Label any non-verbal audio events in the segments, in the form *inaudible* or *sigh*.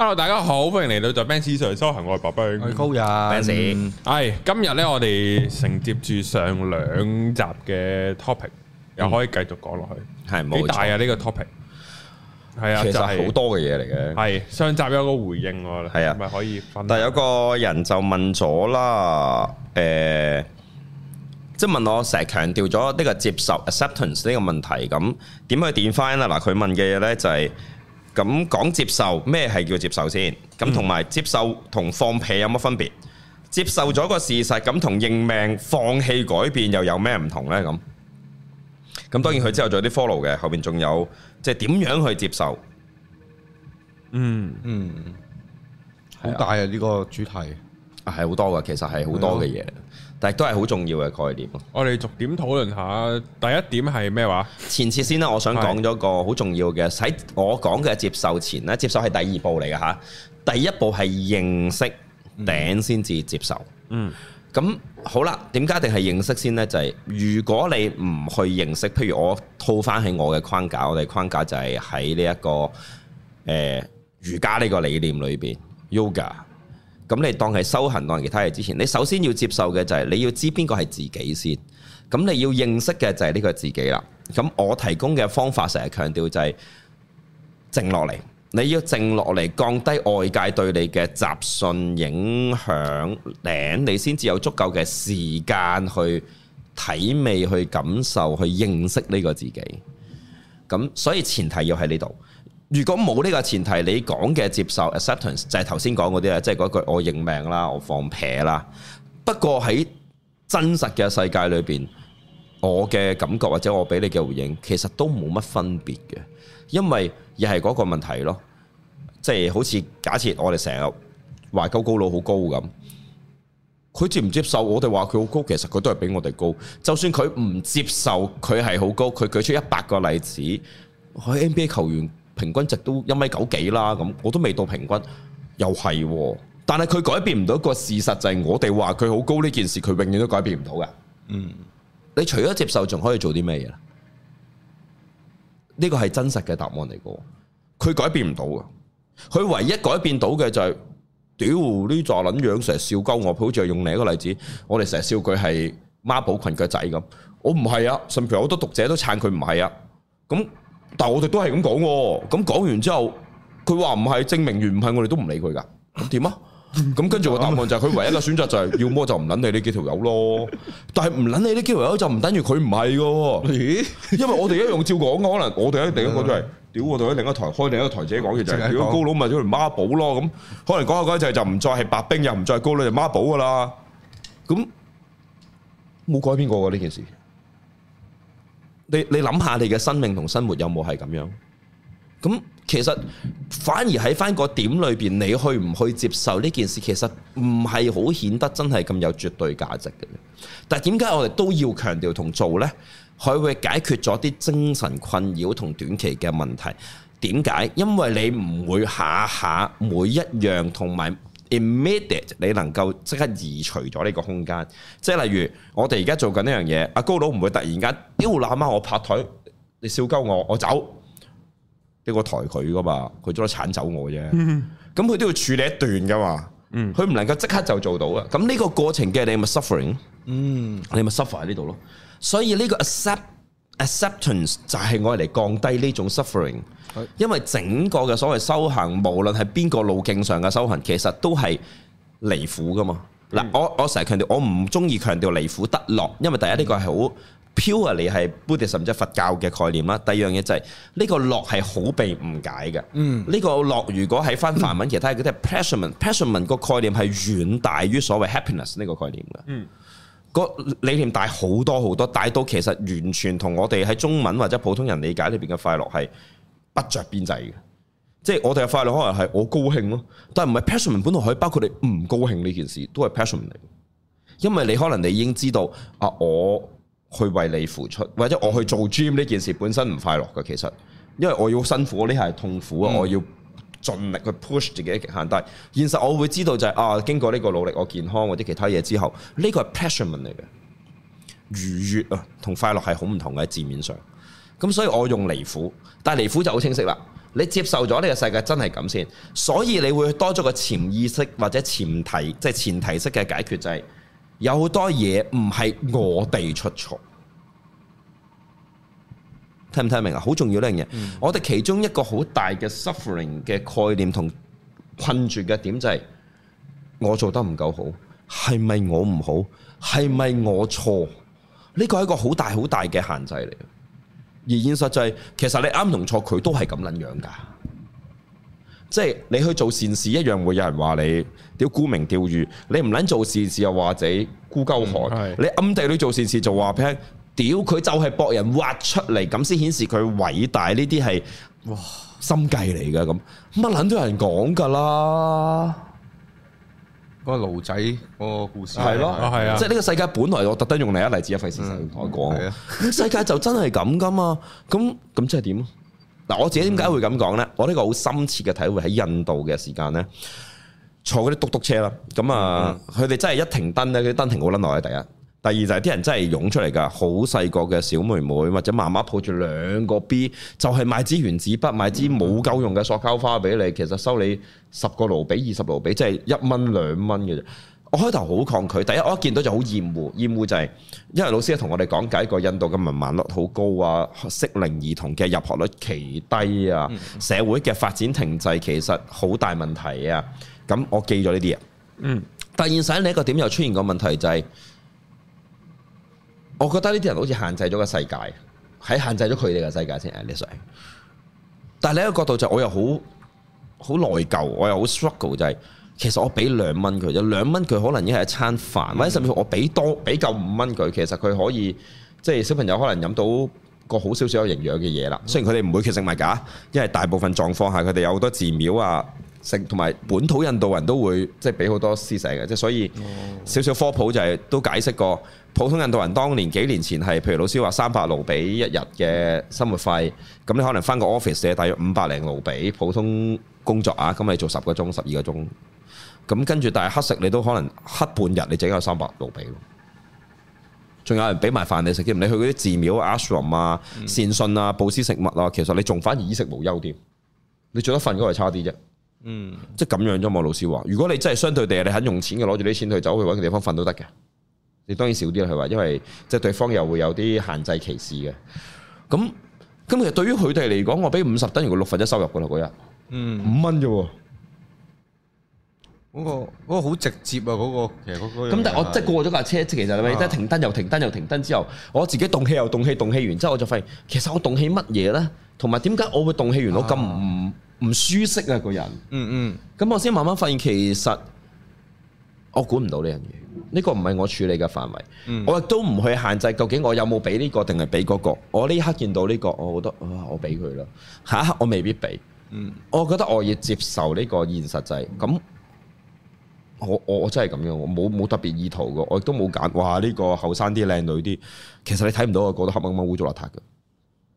Hello，大家好，歡迎嚟到在 Benz 上修行，我係白兵 Ben，係高人 Benz，係今日咧，我哋承接住上兩集嘅 topic，又可以繼續講落去，係冇錯，好大嘅呢、這個 topic，係其實 啊，其實好多嘅嘢嚟嘅，係上集有一個回應，係 *laughs* 啊，咪可以，分享但係有個人就問咗啦，誒、呃，即、就、係、是、問我成日強調咗呢個接受 acceptance 呢個問題咁，點去 define 嗱，佢、啊啊、問嘅嘢咧就係、是。咁講接受咩係叫接受先？咁同埋接受同放屁有乜分別？接受咗個事實，咁同認命、放棄改變又有咩唔同呢？咁咁，當然佢之後仲有啲 follow 嘅，後邊仲有即係點樣去接受？嗯嗯，好大啊！呢個主題係好多噶，其實係好多嘅嘢。但係都係好重要嘅概念。嗯、我哋逐點討論下，第一點係咩話？前次先啦，我想講咗個好重要嘅喺是我講嘅接受前咧，接受係第二步嚟嘅吓。第一步係認識頂先至接受。嗯，咁好啦，點解定係認識先呢？就係、是、如果你唔去認識，譬如我套翻喺我嘅框架，我哋框架就係喺呢一個誒、呃、瑜伽呢個理念裏邊、嗯、，yoga。咁你當係修行當其他嘢之前，你首先要接受嘅就係你要知邊個係自己先。咁你要認識嘅就係呢個自己啦。咁我提供嘅方法成日強調就係、是、靜落嚟，你要靜落嚟，降低外界對你嘅雜訊影響頂，你先至有足夠嘅時間去體味、去感受、去認識呢個自己。咁所以前提要喺呢度。如果冇呢個前提，你講嘅接受 acceptance 就係頭先講嗰啲啊，即係嗰句我認命啦，我放屁啦。不過喺真實嘅世界裏邊，我嘅感覺或者我俾你嘅回應，其實都冇乜分別嘅，因為亦係嗰個問題咯。即係好似假設我哋成日話高高佬好高咁，佢接唔接受我哋話佢好高，其實佢都係比我哋高。就算佢唔接受，佢係好高，佢舉出一百個例子，我喺 NBA 球員。平均值都一米九幾啦，咁我都未到平均，又係喎，但係佢改變唔到一個事實就係我哋話佢好高呢件事，佢永遠都改變唔到噶。嗯，你除咗接受，仲可以做啲咩嘢？呢個係真實嘅答案嚟噶，佢改變唔到噶，佢唯一改變到嘅就係屌呢座撚樣成日笑鳩我，好似係用另一個例子，我哋成日笑佢係媽寶裙腳仔咁，我唔係啊，甚至好多讀者都撐佢唔係啊，咁。但係我哋都係咁講，咁講完之後，佢話唔係，證明原唔係，我哋都唔理佢噶，咁點啊？咁跟住個答案就係佢唯一嘅選擇就係，要麼就唔捻你呢幾條友咯。但係唔捻你呢幾條友就唔等於佢唔係噶，因為我哋一樣照講，可能我哋喺另一個就係、是， *laughs* 屌我哋喺另一台開另一台自己講嘅就係、是，如果高佬咪轉孖寶咯咁，可能講下講下就就唔再係白冰又唔再高你就孖寶噶啦，咁冇改變過噶呢件事。你你諗下你嘅生命同生活有冇係咁樣？咁其實反而喺翻個點裏邊，你去唔去接受呢件事，其實唔係好顯得真係咁有絕對價值嘅。但係點解我哋都要強調同做呢？佢會解決咗啲精神困擾同短期嘅問題。點解？因為你唔會下下每，每，每，每，每，每一樣同埋。Immediate 你能夠即刻移除咗呢個空間，即係例如我哋而家做緊呢樣嘢，阿高佬唔會突然間丟那媽我拍台，你笑鳩我，我走，呢個抬佢噶嘛，佢只係剷走我啫，咁佢、mm hmm. 都要處理一段噶嘛，佢唔能夠即刻就做到啊，咁呢個過程嘅你咪 suffering，嗯、mm，hmm. 你咪 suffer 喺呢度咯，所以呢個 accept。Acceptance 就係我嚟降低呢種 suffering，因為整個嘅所謂修行，無論係邊個路徑上嘅修行，其實都係離苦噶嘛。嗱、嗯，我我成日強調，我唔中意強調離苦得樂，因為第一呢個係好 purely 係 Buddhism 即係佛教嘅概念啦。第二樣嘢就係、是、呢、呢個樂係好被誤解嘅。嗯，呢個樂如果喺翻梵文，其他嗰啲 pressurement, pressurement 個概念係遠大於所謂 happiness 呢個概念噶。嗯。個理念大好多好多，大到其實完全同我哋喺中文或者普通人理解裏邊嘅快樂係不着邊際嘅。即係我哋嘅快樂可能係我高興咯，但係唔係 passion 本來可以包括你唔高興呢件事都係 passion 嚟。因為你可能你已經知道啊，我去為你付出或者我去做 gym 呢件事本身唔快樂嘅，其實因為我要辛苦，呢係痛苦啊，我要、嗯。盡力去 push 自己嘅極限，但係現實我會知道就係、是、啊，經過呢個努力，我健康或者其他嘢之後，呢、這個係 pressurement 嚟嘅，愉悅啊同快樂係好唔同嘅喺字面上，咁所以我用離苦，但係離苦就好清晰啦，你接受咗呢個世界真係咁先，所以你會多咗個潛意識或者前提，即係前提式嘅解決、就是，就係有好多嘢唔係我哋出錯。聽唔聽明啊？好重要呢樣嘢。嗯、我哋其中一個好大嘅 suffering 嘅概念同困住嘅點，就係我做得唔夠好，係咪我唔好？係咪我錯？呢個係一個好大好大嘅限制嚟。而現實就係、是，其實你啱同錯，佢都係咁捻樣噶。即係你去做善事，一樣會有人話你屌沽名釣譽。你唔捻做善事又話自己孤鳩寒。的你暗地裡做善事就話平。屌，佢就係博人挖出嚟，咁先顯示佢偉大，呢啲係哇心計嚟噶，咁乜捻都有人講噶啦？個路仔、個故事係咯，係的啊，即係呢個世界本來我特登用嚟一例子一費事同你講，世界就真係咁噶嘛？咁咁即係點啊？嗱，我自己點解會咁講咧？我呢個好深切嘅體會喺印度嘅時間咧，坐嗰啲嘟嘟車啦，咁啊，佢哋、嗯、真係一停燈咧，佢啲燈停好撚耐。去第一。第二就係啲人真係湧出嚟噶好細個嘅小妹妹或者媽媽抱住兩個 B，就係買支原子筆，買支冇夠用嘅塑膠花俾你。其實收你十個盧比、二十盧比，即係一蚊兩蚊嘅啫。我開頭好抗拒，第一我一見到就好厭惡，厭惡就係因為老師啊同我哋講解過印度嘅文盲率好高啊，適齡兒童嘅入學率奇低啊，社會嘅發展停滯其實好大問題啊。咁我記咗呢啲嘢。嗯，但係現實呢一個點又出現個問題就係。我覺得呢啲人好似限制咗個世界，喺限制咗佢哋嘅世界先。誒，你但係另一個角度就，我又好好內疚，我又好 struggle，就係、是、其實我俾兩蚊佢啫，兩蚊佢可能已經係一餐飯，嗯、或者甚至乎我俾多俾夠五蚊佢，其實佢可以即係、就是、小朋友可能飲到個好少少有營養嘅嘢啦。雖然佢哋唔會缺食物㗎，因為大部分狀況下佢哋有好多寺廟啊。同埋本土印度人都會即係俾好多施捨嘅，即係所以少少科普就係都解釋過，普通印度人當年幾年前係，譬如老師話三百盧比一日嘅生活費，咁你可能返個 office 嘅，大約五百零盧比普通工作啊，咁你做十個鐘、十二個鐘，咁跟住但係乞食你都可能乞半日，你整有三百盧比咯。仲有人俾埋飯你食嘅，你去嗰啲寺廟啊、ashram 啊、善信啊、布施食物啊，其實你仲反而衣食無憂啲，你做得份嗰個係差啲啫。嗯，即係咁樣咋嘛？老師話：如果你真係相對地，你肯用錢嘅，攞住啲錢去走去揾個地方瞓都得嘅。你當然少啲啦，佢話，因為即對方又會有啲限制歧視嘅。咁咁其實對於佢哋嚟講，我俾五十等如佢六分一收入㗎喇，嗰日，嗯，五蚊啫喎。嗰、嗰個好、嗰個、直接啊！嗰、嗰個其實嗰個咁，但係我即係、即係、過咗架車，即其實你咪？即係、啊、停燈又停燈又停燈之後，我自己動氣又動氣，動氣完之後，我就發現其實我動氣乜嘢咧？同埋點解我會動氣完、啊、我咁唔唔舒適啊？個人嗯嗯，咁我先慢慢發現其實我估唔到呢樣嘢，呢、呢個唔係我處理嘅範圍。嗯、我亦都唔去限制究竟我有冇俾呢個定係俾嗰個。我呢刻見到呢、呢個，我覺得我俾佢啦。下一刻我未必俾。嗯、我覺得我要接受呢個現實就係咁。我我我真係咁樣，我冇冇特別意圖噶，我亦都冇揀。哇！呢個後生啲、靚女啲，其實你睇唔到我覺得黑掹掹咁污糟邋遢嘅，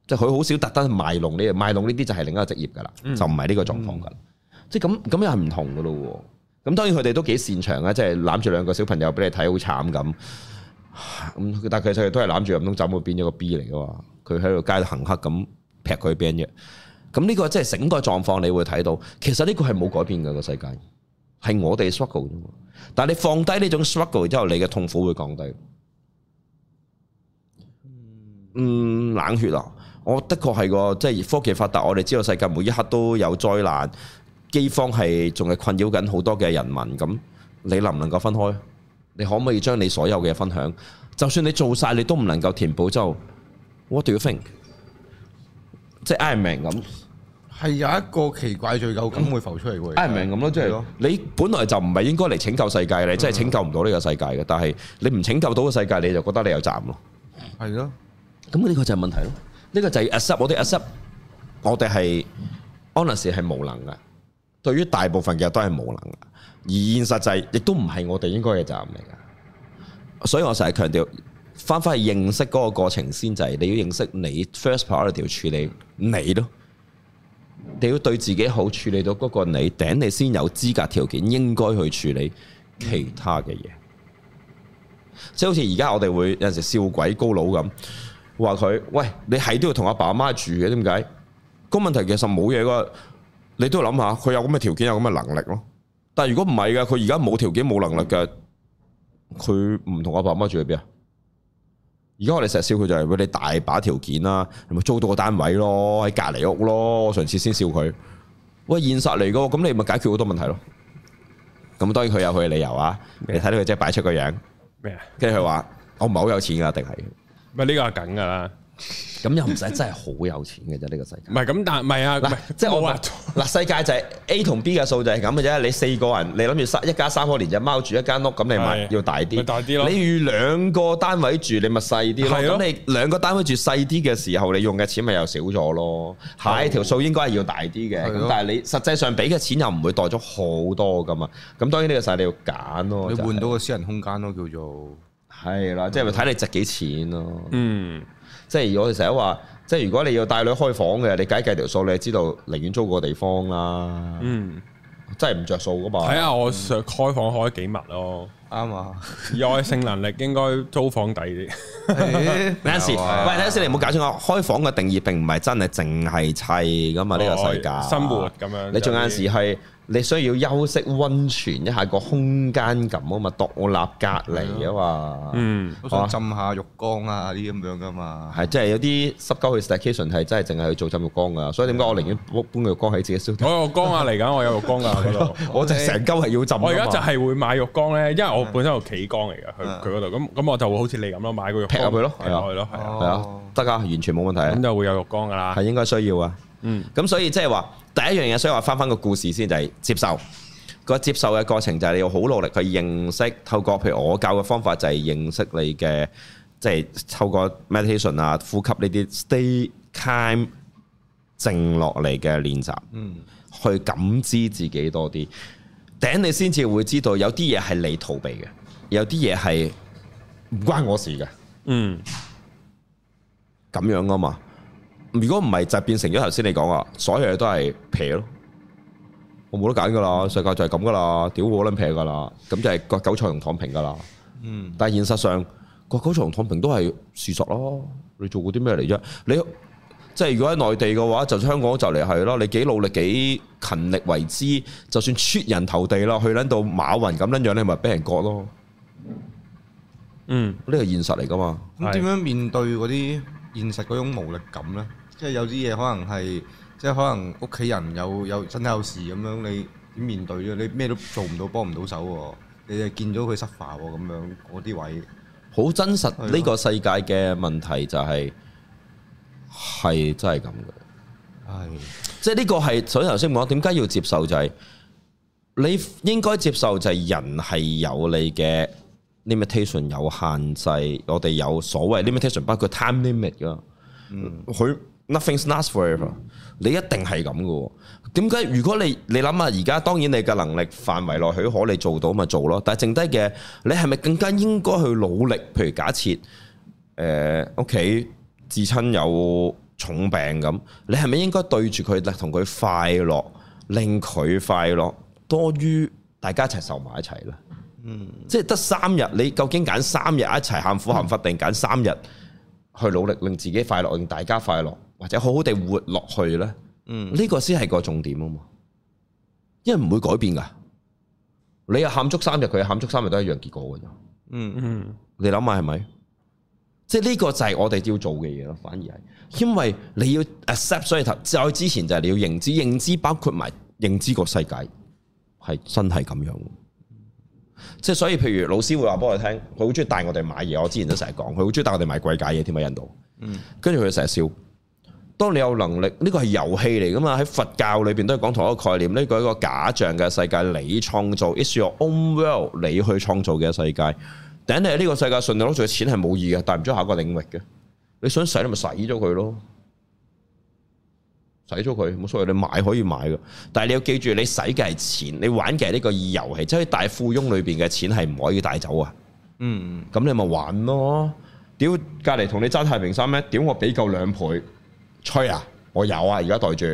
即係佢好少特登賣弄呢，賣弄呢啲就係另一個職業噶啦，嗯、就唔係呢個狀況噶、嗯。即係咁咁又係唔同噶咯喎。咁當然佢哋都幾擅長啊，即係攬住兩個小朋友俾你睇好慘咁。咁但係其實都係攬住咁，唔通走咗變咗個 B 嚟嘅嘛。佢喺度街度行黑咁劈佢嘅邊啫。咁呢個即係整個狀況，你會睇到其實呢個係冇改變嘅、個世界。係我哋 s t r u g g l e 啫嘛，但係你放低呢種 s t r u g g l e 之後，你嘅痛苦會降低。嗯，冷血啊！我的確係個，即係科技發達，我哋知道世界每一刻都有災難，饑荒係仲係困擾緊好多嘅人民。咁你能唔能夠分開？你可唔可以將你所有嘅分享？就算你做晒，你都唔能夠填補。就 What do you think？即係 I 明咁。係有一個奇怪罪疚感會浮出嚟喎，啱唔啱咁咯？即係對你本來就唔係應該嚟拯救世界，你真係拯救唔到呢個世界嘅。但係你唔拯救到個世界，你就覺得你有責任咯。係咯的，咁呢個就係問題咯。呢、這個就係 accept，我哋 accept，我哋係 honest 係無能嘅，對於大部分嘅人都係無能嘅。而現實就係亦都唔係我哋應該嘅責任嚟嘅。所以我成日強調，翻返去認識嗰個過程先，就係、是、你要認識你 first priority 處理你，你咯。你要對自己好，處理到嗰個你頂，你先有資格條件應該去處理其他嘅嘢。即係、嗯、好似而家我哋會有陣時笑鬼高佬咁，話佢喂，你係都要同阿爸阿媽住嘅，點解？個問題其實冇嘢噶你都諗下，佢有咁嘅條件，有咁嘅能力咯。但係如果唔係嘅，佢而家冇條件、冇能力嘅，佢唔同阿爸阿媽住喺邊啊？而家我哋成日笑佢就係畀你大把條件啦、啊，你咪租到個單位咯，喺隔籬屋咯？我上次先笑佢，喂現實嚟噶，咁你咪解決好多問題咯。咁當然佢有佢嘅理由啊，咩？你睇到佢即係擺出個樣咩啊？跟住佢話我唔係好有錢噶，定係咪呢個係梗噶啦？咁 *laughs* 又唔使真係好有錢嘅啫，呢、這個世界唔係咁，但係唔係啊，啊即係我話嗱，世界就係、是、A 同 B 嘅數就係咁嘅啫。你四個人，你諗住一家三口連隻貓住一間屋，咁你咪要大啲，大啲咯。你預兩個單位住，你咪細啲咯。咁的你兩個單位住細啲嘅時候，你用嘅錢咪又少咗咯。的下一條數應該係要大啲嘅，的但係你實際上俾嘅錢又唔會代咗好多噶嘛。咁當然呢個世界、就是、你要揀咯，你換到個私人空間咯，叫做係啦，即係睇你值幾錢咯，嗯。即係我成日話，即係如果你要帶女開房嘅，你計計條數，你知道寧願租個地方啦、啊。嗯，真係唔着數噶嘛。睇下我想開房開幾密咯。啱啊，耐、嗯、性能力應該租房抵啲。 *laughs* 對 *laughs* 有陣時，喂，等陣時你唔好搞錯，開房嘅定義並唔係真係淨係砌噶嘛。呢喂個世界生活咁樣，你仲有時係，你需要休息、溫泉一下個空間感啊嘛，獨立隔離啊嘛，嗯，我想浸下浴缸啊啲咁樣噶嘛，係即係有啲濕溝去 station 係真係淨係去做浸浴缸噶，所以點解我寧願搬個浴缸喺自己 studio。我有浴缸啊嚟緊，我有浴缸啊。我就成間係要浸。我而家就係會買浴缸咧，因為我本身有企缸嚟噶，佢佢嗰度咁咁我就會好似你咁咯，買個浴，劈入去咯，劈入去咯，係啊，得㗎，完全冇問題啊，咁就會有浴缸㗎啦，係應該需要啊，嗯，咁所以即係話。第一樣嘢，所以我翻翻個故事先，就係接受，個接受嘅過程，就係你要好努力去認識，透過譬如我教嘅方法，就係認識你嘅，即係透過 meditation 啊、呼吸呢啲 stay time 靜落嚟嘅練習，嗯，去感知自己多啲，頂你先至會知道有啲嘢係你逃避嘅，有啲嘢係唔關我事嘅，嗯，咁樣啊嘛。如果唔係就是，變成咗頭先你講啊，所有嘢都係撇咯，我冇得揀噶啦，世界就係咁噶啦，屌我捻撇噶啦，咁就係割韭菜同躺平噶啦，嗯，但係現實上，割韭菜同躺平都係事實咯，你做過啲咩嚟啫？你即係如果喺內地嘅話，就香港就嚟係咯，你幾努力幾勤力為之，就算出人頭地啦，去捻到馬雲咁捻樣，你咪俾人割咯，嗯，呢個現實嚟噶嘛？咁點，嗯，樣面對嗰啲現實嗰種無力感咧？即係有啲嘢可能係，即係可能屋企人有有身體有事咁樣你，你點面對啫？你咩都做唔到，幫唔到手喎。你係見到佢失化喎，咁樣嗰啲位，好真實呢個世界嘅問題就係、係、係、啊、真係咁嘅。係、哎，即係呢個係所以頭先講點解要接受就係、係，你應該接受就係人係有你嘅 limitation 有限制，我哋有所謂 limitation，包括 time limit 噶，佢、嗯。Nothing's last forever、mm。Hmm. 你一定係咁噶。點解？如果你你諗下而家，當然你嘅能力範圍內許可你做到咪做咯。但係剩低嘅，你係咪更加應該去努力？譬如假設，誒屋企至親有重病咁，你係咪應該對住佢，同佢快樂，令佢快樂多於大家一齊受埋一齊呢？Mm hmm. 即係得三日，你究竟揀三日一齊喊苦喊忽定揀、mm hmm. 三日去努力令自己快樂，令大家快樂？或者好好地活落去咧，嗯、呢個先係個重點啊嘛，因為唔會改變噶。你又喊足三日，佢喊足三日，都一樣結果噶咋。嗯嗯，你諗下係咪？即係呢個就係我哋要做嘅嘢咯。反而係，因為你要 accept，所以頭就喺之前就係你要認知，認知包括埋認知個世界係真係咁樣。即係所以，譬如老師會話俾我聽，佢好中意帶我哋買嘢。我之前都成日講，佢好中意帶我哋買貴價嘢添喺印度。跟住佢成日笑。當你有能力，呢個係遊戲嚟㗎嘛？喺佛教裏邊都係講同一個概念，呢個係一個假象嘅世界，你創造，it's your own world，你去創造嘅世界。等你喺呢個世界順利攞住嘅錢係冇意義嘅，帶唔去下一個領域嘅，你想使你咪使咗佢咯？使咗佢冇所謂，你買可以買嘅，但係你要記住，你使嘅係錢，你玩嘅係呢個遊戲，即係大富翁裏邊嘅錢係唔可以帶走啊。嗯，咁你咪玩咯。屌隔離同你揸太平山咩？屌我俾夠兩倍。吹啊！我有啊，而家待住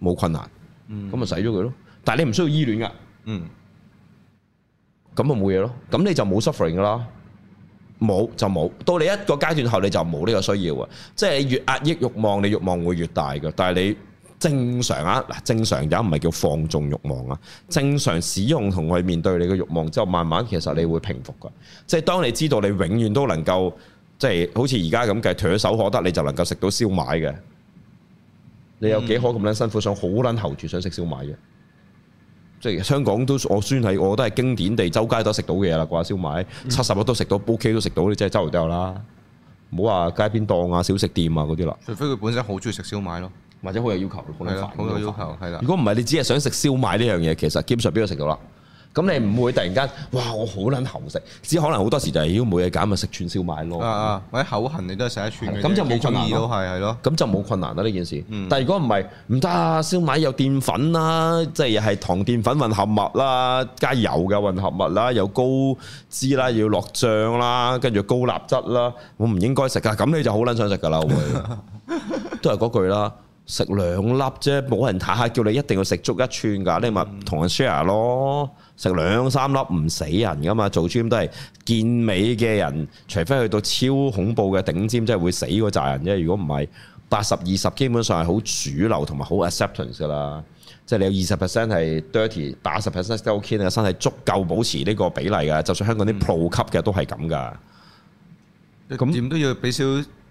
冇困難，咁咪使咗佢咯。但係你唔需要依戀噶，咁咪冇嘢咯。咁你就冇 suffering 噶啦，冇就冇。到你一個階段後，你就冇呢個需要啊。即係你越壓抑欲望，你欲望會越大噶。但係你正常啊，嗱，正常而家唔係叫放縱欲望啊，正常使用同去面對你嘅欲望之後，慢慢其實你會平復噶。即係當你知道你永遠都能夠。即係好似而家咁嘅，唾手可得你就能夠食到燒賣嘅。你有幾可咁撚辛苦，想好撚喉住想食燒賣嘅？即係香港都我算係，我都係經典地周街都食到嘅嘢啦。掛燒賣七十日都食到，OK 都食到，你即係周圍都有啦。唔好話街邊檔啊、小食店啊嗰啲啦。除非佢本身好中意食燒賣咯，或者好有要求。好有，有，有要求，係啦。如果唔係，你只係想食燒賣呢樣嘢，其實基本上邊度食到啦？咁你唔會突然間哇！我好撚喉食，只可能好多時就係妖冇嘢揀咪食串燒賣咯。啊啊！或者口痕你都係食一串。咁、嗯、就冇困難咯，係係咯。咁就冇困難啊呢件事。對嗯、但係如果唔係唔得啊！燒賣有澱粉啦，即係又係糖澱粉混合物啦，加油嘅混合物啦，有高脂啦，要落醬啦，跟住高鈉質啦，我唔應該食㗎。咁你就好撚想食㗎啦，會都係嗰句啦。食兩粒啫，冇人睇下叫你一定要食足一串㗎。你咪同人 share 咯。食兩三粒唔死人噶嘛，做 Gym 都係健美嘅人，除非去到超恐怖嘅頂尖，即係會死個責任啫。如果唔係，八十二十基本上係好主流同埋好 acceptance 噶啦，即係你有二十 percent 係 dirty，八十 percent still ok，個身體足夠保持呢個比例噶。就算香港啲 pro 級嘅都係咁噶。咁點、嗯、樣都要俾少。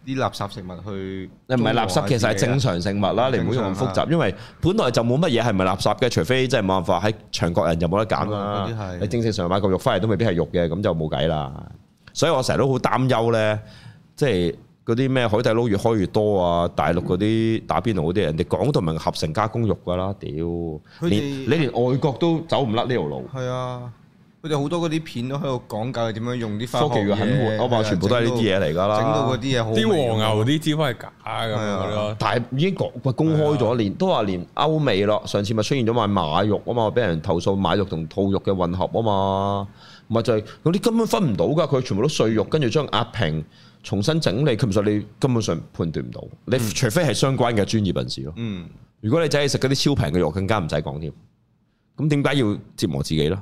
啲垃圾食物去，你唔係垃圾，其實係正常食物啦。啦，你唔好用咁複雜，因為本來就冇乜嘢係唔係垃圾嘅，除非真係冇辦法喺長角人就冇得揀啦。喺正正常買個肉翻嚟都未必係肉嘅，咁就冇計啦。所以我成日都好擔憂咧，即係嗰啲咩海底撈越開越多啊，大陸嗰啲打邊爐嗰啲人，哋講都唔係合成加工肉㗎啦。屌，你你連外國都走唔甩呢條路。係啊。佢哋好多嗰啲片都喺度講究點樣用啲科技嘅狠活，全部都係呢啲嘢嚟噶啦。整到嗰啲嘢好啲黃牛啲，只番係假咁樣咯。但係已經講公開咗，連都話連歐美咯。上次咪出現咗賣馬肉啊嘛，俾人投訴馬肉同兔肉嘅混合啊嘛，咪就係嗰啲根本分唔到噶，佢全部都碎肉，跟住將壓平重新整理，其實你根本上判斷唔到。你除非係相關嘅專業人士咯。嗯，如果你仔係食嗰啲超平嘅肉，更加唔使講添。咁點解要折磨自己咧？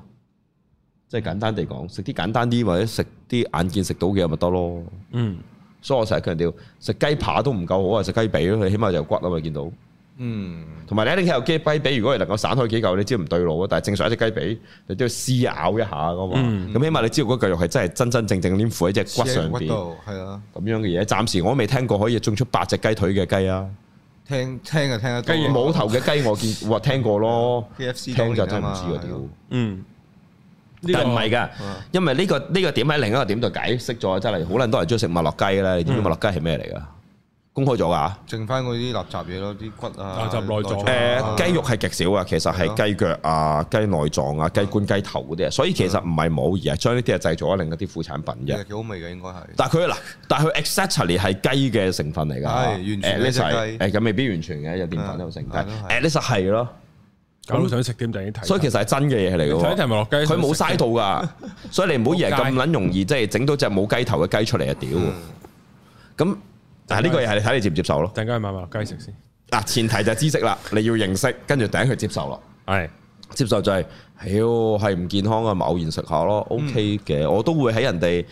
即係簡單地講，食啲簡單啲或者食啲眼見食到嘅咪得咯。嗯，所以我成日強調，食雞扒都唔夠好啊，食雞髀咯，起碼有骨啊嘛，你見到。嗯，同埋你睇下雞髀，如果你能夠散開幾嚿，你知唔對路啊。但係正常一隻雞髀，你都要撕咬一下噶嘛。咁、嗯、起碼你知道嗰嚿肉係真係真真正正黏附喺隻骨上邊。係啊，咁樣嘅嘢。暫時我未聽過可以種出八隻雞腿嘅雞啊。聽聽就聽得多。冇頭嘅雞我見話 *laughs* 聽過咯。聽，咯 K FC 聽就真唔知啊屌。嗯。嗯。呢個唔係㗎，因為呢個呢個點喺另一個點度解釋咗，真係好多人都係中意食麥樂雞㗎啦。你點知麥樂雞係咩嚟㗎？公開咗㗎，剩返嗰啲垃雜嘢咯，啲骨啊、垃雜內臟。誒，雞肉係極少啊，其實係雞腳啊、雞內臟啊、雞冠、雞頭嗰啲啊，所以其實唔係冇，而係將呢啲嘢製造另一啲副產品嘅。幾好味嘅應該係，但係佢嗱，但係佢 exactly 係雞嘅成分嚟㗎，係完全一隻雞。誒，咁未必完全嘅，有澱粉喺度成分。誒，呢實係咯。搞到想食點就已經睇，所以其實係真嘅嘢嚟嘅。落雞？佢冇嘥到噶，所以你唔好以為咁捻容易，即係整到隻冇雞頭嘅雞出嚟啊！屌，咁但係呢個又係睇你接唔接受咯。陣間買埋落雞食先。嗱，前提就係知識啦，你要認識，跟住第一佢接受咯。係，接受就係，妖係唔健康啊！偶然食下咯，OK 嘅。我都會喺人哋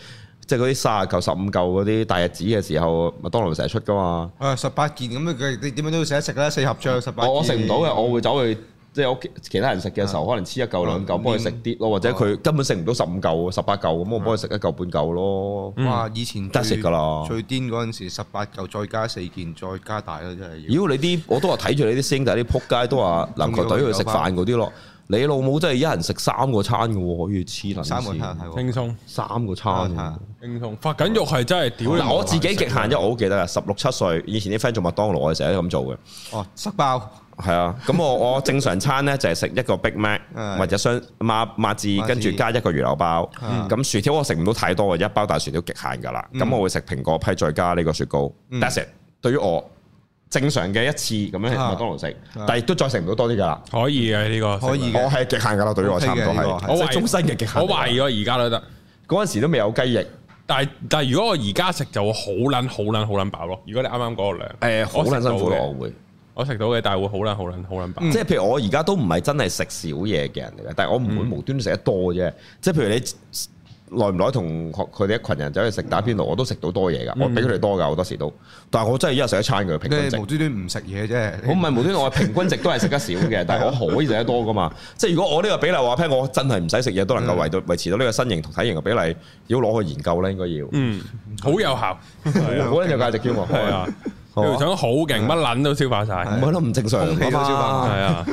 即係嗰啲卅九、十五嚿嗰啲大日子嘅時候，麥當勞成日出噶嘛。十八件咁，你你點樣都要成日食啦，四盒裝十八。我我食唔到嘅，我會走去。即係我其他人食嘅時候，可能黐一嚿兩嚿幫佢食啲咯，或者佢根本食唔到十五嚿、十八嚿咁，我幫佢食一嚿半嚿咯。哇！以前得食㗎喇，最癲嗰陣時，十八嚿再加四件，再加大咯，真係。如果你啲我都話睇住你啲星仔啲撲街都話籃球隊去食飯嗰啲咯，你老母真係一人食三個餐嘅喎，可以黐撚線，三個餐太過輕鬆，三個餐輕鬆發緊肉係真係屌！嗱，我自己極限啫，我好記得喇，十六七歲以前啲 friend 做麥當勞，我成日都咁做嘅。哦，塞爆。係啊，咁我我正常餐咧就係食一個 Big Mac，或者雙孖孖字，跟住加一個魚柳包。咁薯條我食唔到太多嘅，一包大薯條極限噶啦。咁我會食蘋果批，再加呢個雪糕。That's it。對於我正常嘅一次咁樣喺麥當勞食，但係都再食唔到多啲噶啦。可以嘅呢個，可以。我係極限噶啦，對於我差唔多係，我終身嘅極限。我懷疑我而家都得，嗰陣時都未有雞翼。但係但係如果我而家食就會好捻好捻好捻飽咯。如果你啱啱嗰個量，誒好捻辛苦咯，我會。我食到嘅，但係會好撚好撚好撚即係譬如，我而家都唔係真係食少嘢嘅人嚟嘅，但係我唔會無端端食得多啫。即係譬如你耐唔耐同學佢哋一群人走去食打邊爐，我都食到多嘢噶，我比佢哋多噶好多時都。但係我真係一日食一餐嘅平均值。你無端端唔食嘢啫？我唔係無端端，我平均值都係食得少嘅，但係我可以食得多噶嘛。即係如果我呢個比例話聽，我真係唔使食嘢都能夠維到維持到呢個身形同體型嘅比例，要攞去研究咧，應該要。嗯，好有效，好有價值嘅喎。係啊。條想好勁，乜捻的都消化晒，唔係咯，唔正常。消化，係啊。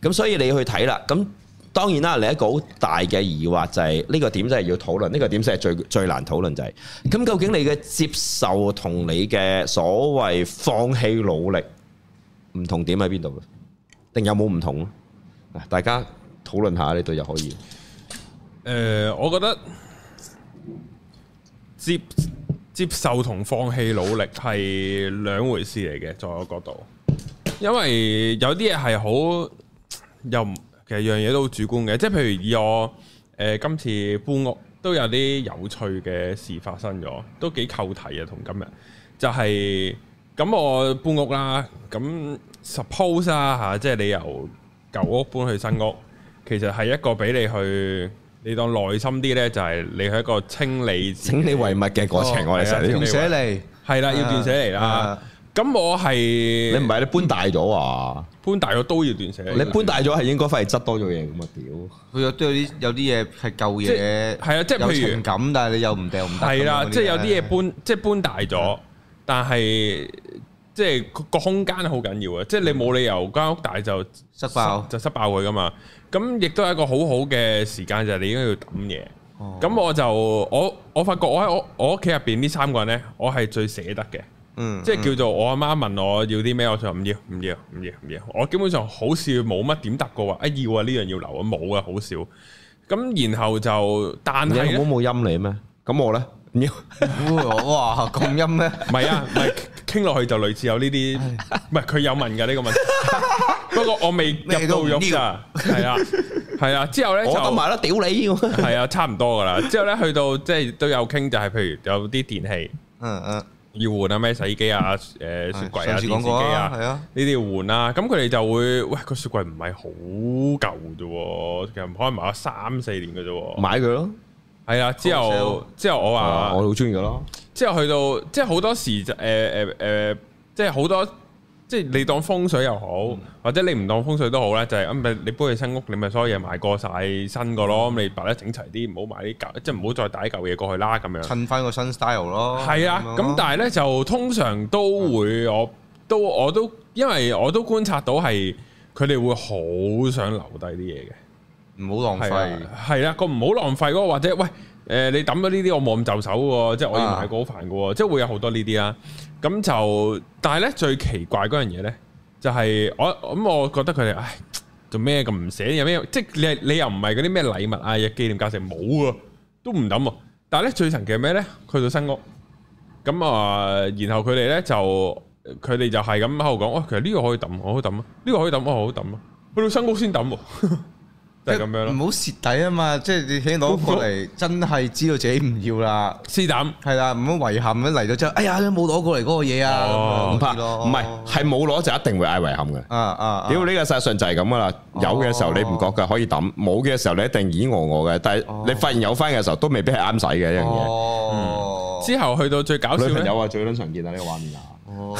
咁 *laughs* 所以你去睇啦。咁當然啦，你一個好大嘅疑惑就係呢個點真係要討論，呢、這個點真係最最難討論就係、是，咁究竟你嘅接受同你嘅所謂放棄努力唔同點喺邊度？定有冇唔同？啊，大家討論下呢度就可以。誒、呃，我覺得接。接受同放棄努力係兩回事嚟嘅，在我角度，因為有啲嘢係好，又唔其實樣嘢都好主觀嘅。即係譬如以我、呃、今次搬屋都有啲有趣嘅事發生咗，都幾扣題啊。同今日就係、是、咁，我搬屋啦，咁 suppose 啊。嚇，即係你由舊屋搬去新屋，其實係一個俾你去。你當耐心啲咧，就係你喺一個清理、清理遺物嘅過程。過程哦、我哋成日要斷捨離，係啦， *noise* 要斷捨離啦。咁我係你唔係你搬大咗啊？搬大咗都要斷捨離。你搬大咗係、啊、應該翻嚟執多咗嘢噶啊。屌，佢有都有啲有啲嘢係舊嘢，係啊，即係譬如情感但係你又唔掉唔得。係啦如，即係有啲嘢搬，即係搬大咗，但係。即係個空間好緊要嘅。即係你冇理由間屋大就失爆就失爆佢噶嘛。咁亦都係一個好好嘅時間，就係你應該要揼嘢。咁我就我我發覺我喺我我屋企入邊呢三個人咧，我係最捨得嘅。嗯，即係叫做我阿媽問我要啲咩，我就唔要唔要唔要唔要。我基本上好少冇乜點答過話啊要啊呢樣要留啊冇啊，好少。咁然後就但係冇冇音你咩？咁我咧？ *laughs* 哇咁陰咩？唔係 *laughs* 啊，唔係傾落去就類似有呢啲，唔係佢有問噶呢、這個問題， *laughs* *laughs* 不過我未入到肉噶，係啊係啊，之後咧我咁埋得屌你 *laughs* ！係啊，差唔多噶啦。之後咧去到即係都有傾、就是，就係譬如有啲電器，嗯嗯，要換啊咩洗衣機啊，誒雪櫃啊，電視機啊，係啊，呢啲、 *laughs* 啊、要換啦、啊。咁佢哋就會喂個雪櫃唔係好舊啫，其實可能買咗三四年噶啫，買佢咯。 *laughs* 係啦，之後、嗯、之後我話、啊、我好中意噶咯，之後去到即係好多時就誒誒誒，即係好多即係你當風水又好，嗯、或者你唔當風水都好咧，就係、是、咁你搬去新屋，你咪所有嘢買過晒新個咯，咁、嗯、你擺得整齊啲，唔好買啲舊，即係唔好再帶啲舊嘢過去啦，咁樣襯翻個新 style 咯。係啊的，咁樣但係咧就通常都會，我都我都因為我都觀察到係佢哋會好想留低啲嘢嘅。唔好浪費，係啦，個唔好浪費嗰個，或者喂，誒，你抌咗呢啲，我冇咁就手嘅，即係我要買個，好煩嘅，即係會有好多呢啲啦，咁就。但係咧，最奇怪嗰樣嘢咧就係我，咁我覺得佢哋，唉，做咩咁唔寫有咩，即係你你又唔係嗰啲咩禮物啊嘢，紀念價值冇嘅都唔抌。但係咧最神奇係咩咧？去到新屋咁啊，然後佢哋咧就，佢哋就係咁喺度講，哦其實呢個可以抌，我可以抌啊，呢個可以抌，我好抌啊，去到新屋先抌。即係咁樣咯，唔好蝕底啊嘛！即係你聽攞過嚟，真係知道自己唔要啦，黐膽係啦，唔好遺憾咁嚟到之後，哎呀，你冇攞過嚟嗰個嘢啊！唔、哦、怕，唔係係冇攞就一定會嗌遺憾嘅、啊。啊啊！屌呢個事實上就係咁噶啦，有嘅時候你唔覺嘅可以抌，冇嘅、哦啊、時候你一定咦我我嘅。但係你發現有翻嘅時候，都未必係啱使嘅一樣嘢。之後去到最搞笑女朋友話最撚常見啊呢、這個畫面啊！哦，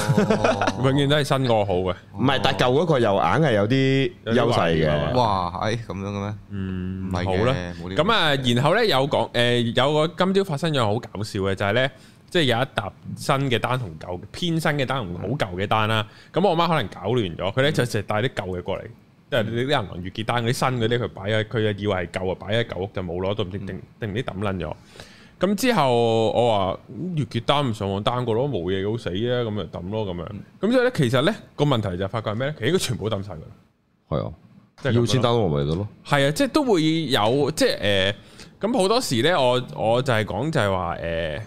永遠都係新個好嘅，唔係但舊嗰個又硬係有啲優勢嘅。哇，係咁樣嘅咩？嗯，唔係嘅。好啦，咁啊，然後咧有講誒有個今朝發生咗好搞笑嘅，就係咧即係有一沓新嘅單同舊偏新嘅單同好舊嘅單啦。咁我媽可能搞亂咗，佢咧就成日帶啲舊嘅過嚟，即係你啲銀行月結單嗰啲新嗰啲，佢擺喺，佢啊以為係舊啊，擺喺舊屋就冇攞到，唔知定定唔知抌撚咗。咁之後我，我話月結單唔上網單過咯，冇嘢好死啊，咁就抌咯，咁樣。咁所以咧，其實咧個問題就係發覺係咩咧？其實應該全部抌曬嘅，係啊，啊，即係要先單我咪得咯。係啊，即係都會有即係誒，咁、呃、好多時咧，我我就係講就係話誒，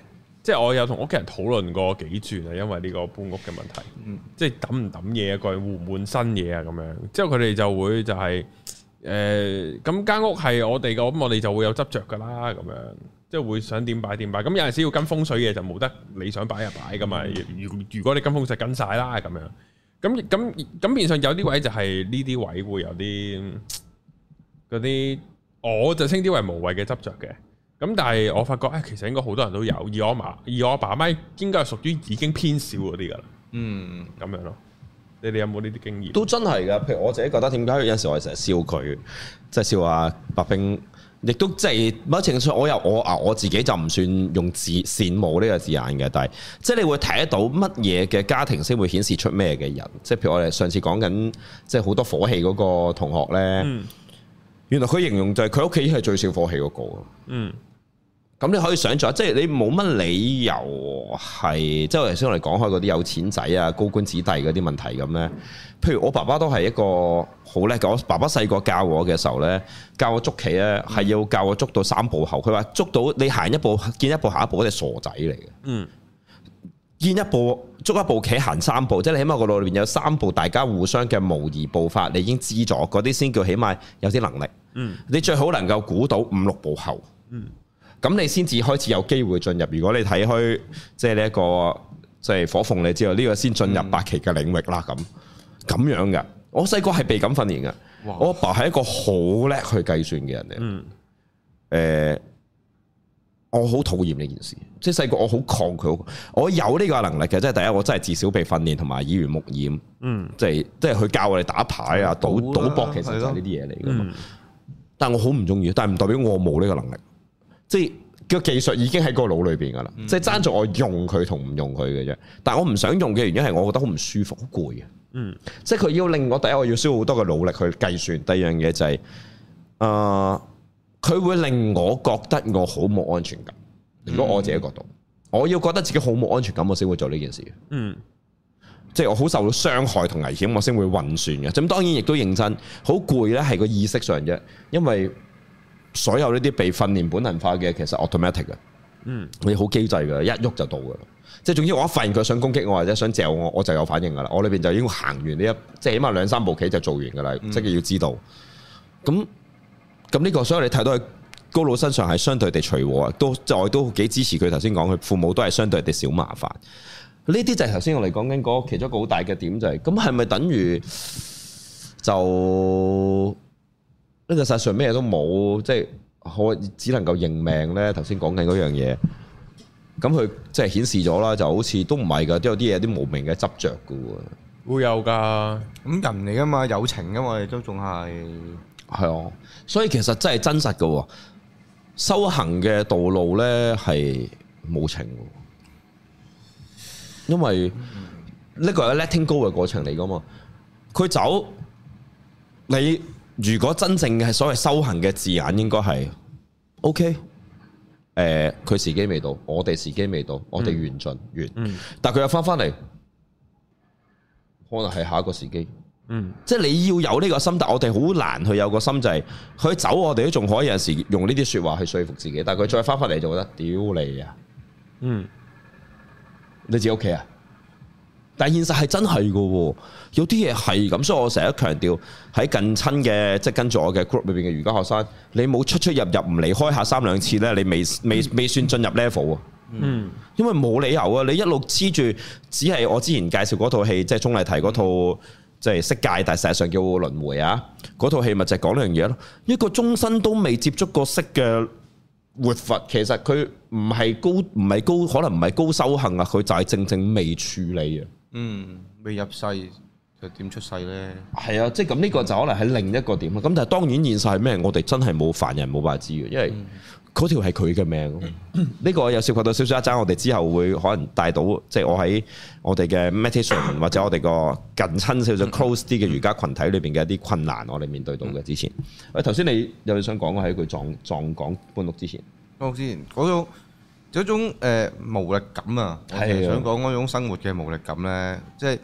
即係我有同屋企人討論過幾轉啊，因為呢個搬屋嘅問題，嗯、即係抌唔抌嘢啊，換唔換新嘢啊，咁樣。之後佢哋就會就係、是、誒，咁、呃、間屋係我哋嘅，咁我哋就會有執着噶啦，咁樣。即係會想點擺點擺，擺，擺，擺，咁有陣時要跟風水嘅就冇得你想擺，擺就擺噶嘛。如如果你跟風水就跟晒啦咁樣，咁咁咁，面上有啲位就係呢啲位會有啲嗰啲，我就稱之為無謂嘅執着嘅。咁但係我發覺，誒、哎、其實應該好多人都有。而我媽而我爸媽應該係屬於已經偏少嗰啲噶啦。嗯，咁樣咯。你哋有冇呢啲經驗？都真係噶。譬如我自己覺得點解有陣時我成日笑佢，即、就、係、是、笑阿白兵。亦都即係某程度，我又我啊我自己就唔算用字羨慕呢個字眼嘅，但係即係你會睇得到乜嘢嘅家庭先會顯示出咩嘅人，即係譬如我哋上次講緊即係好多火氣嗰個同學咧，嗯。原來佢形容就係佢屋企係最少火氣嗰個。嗯。咁你可以想象，即係你冇乜理由係，即係我哋先嚟講開嗰啲有錢仔啊、高官子弟嗰啲問題咁呢。譬如我爸爸都係一個好叻嘅，我爸爸細個教我嘅時候呢，教我捉棋咧，係要教我捉到三步後，佢話捉到你行一步、見一步、行一步，係傻仔嚟嘅。嗯，見一步捉一步，棋行三步，即係你起碼個腦裏面有三步，大家互相嘅模擬步法，你已經知咗，嗰啲先叫起碼有啲能力。嗯，你最好能夠估到五六步後。嗯。咁你先至開始有機會進入。如果你睇開，即係呢一個即係火鳳，你知道呢個先進入八奇嘅領域啦。咁咁樣嘅，我細個係被咁訓練嘅。我阿爸係一個好叻去計算嘅人嚟。嗯。誒，我好討厭呢件事。即係細個我好抗拒，我有呢個能力嘅。即係第一，我真係至少被訓練同埋耳濡目染。嗯。就是、即係即係佢教我哋打牌啊，賭賭啦博其實就係呢啲嘢嚟嘅。嘛、嗯。但係我好唔中意，但係唔代表我冇呢個能力。啲嘅技術已經喺個腦裏邊噶啦，即係爭住我用佢同唔用佢嘅啫。但係我唔想用嘅原因係，我覺得好唔舒服，好攰啊。嗯，即係佢要令我第一，我要需要好多嘅努力去計算；第二樣嘢就係、是，誒、呃，佢會令我覺得我好冇安全感。嗯、如果我自己角度，我要覺得自己好冇安全感，我先會做呢件事。嗯，即係我好受到傷害同危險，我先會運算嘅。咁當然亦都認真，好攰咧，係個意識上啫，因為。所有呢啲被訓練本能化嘅，其實 automatic 嘅，嗯，你好機制嘅，一喐就到嘅，即係總之我一發現佢想攻擊我或者想嚼我，我就有反應噶啦，我裏邊就已經行完呢一，即係起碼兩三步棋就做完噶啦，嗯、即係要知道。咁咁呢個，所以你睇到喺高佬身上係相對地隨和，都再都幾支持佢頭先講，佢父母都係相對地少麻煩。呢啲就係頭先我哋講緊嗰其中一個好大嘅點就係、是，咁係咪等於就？呢個世上咩嘢都冇，即係可只能夠認命咧。頭先講緊嗰樣嘢，咁佢即係顯示咗啦，就好似都唔係噶，都有啲嘢，有啲無名嘅執着噶喎。會有噶，咁人嚟噶嘛，有情噶嘛，亦都仲係係啊。所以其實真係真實噶，修行嘅道路咧係冇情，因為呢個係 letting go 嘅過程嚟噶嘛。佢走你。如果真正嘅係所謂修行嘅字眼應該，應該係 OK。誒，佢時機未到，我哋時機未到，我哋完盡、嗯、完。嗯，但佢又翻翻嚟，可能係下一個時機。嗯，即係你要有呢個心，但我哋好難去有個心，就係、是、佢走，我哋都仲可以有陣時用呢啲說話去說服自己。但係佢再翻翻嚟，就覺得屌你啊！嗯，你自己屋、OK、企啊？但係現實係真係嘅喎，有啲嘢係咁，所以我成日強調喺近親嘅，即係跟住我嘅 group 裏邊嘅瑜伽學生，你冇出出入入唔離開下三兩次呢，你未未，未，未算進入 level 啊。嗯，因為冇理由啊，你一路黐住，只係我之前介紹嗰套戲，即係鍾麗緹嗰套，即係、嗯、色界，但係實際上叫輪迴啊。嗰套戲咪就係講呢樣嘢咯。一個終身都未接觸過色嘅活佛，其實佢唔係高，唔係高，可能唔係高，高修行啊。佢就係正正未處理啊。嗯，未入世佢點出世咧？係啊，即係咁呢個就可能係另一個點啊。咁但係當然現實係咩？我哋真係冇凡人冇辦法知嘅，因為嗰條係佢嘅命。呢、嗯、個又涉及到少少一陣，我哋之後會可能帶到，即係我喺我哋嘅 meditation 或者我哋個近親少少 close 啲嘅瑜伽群體裏邊嘅一啲困難，我哋面對到嘅之前。喂，頭先你有冇想講過喺佢撞撞藏港搬屋之前？搬屋、哦、之前有種誒無力感啊！我其實想講嗰種生活嘅無力感咧，即係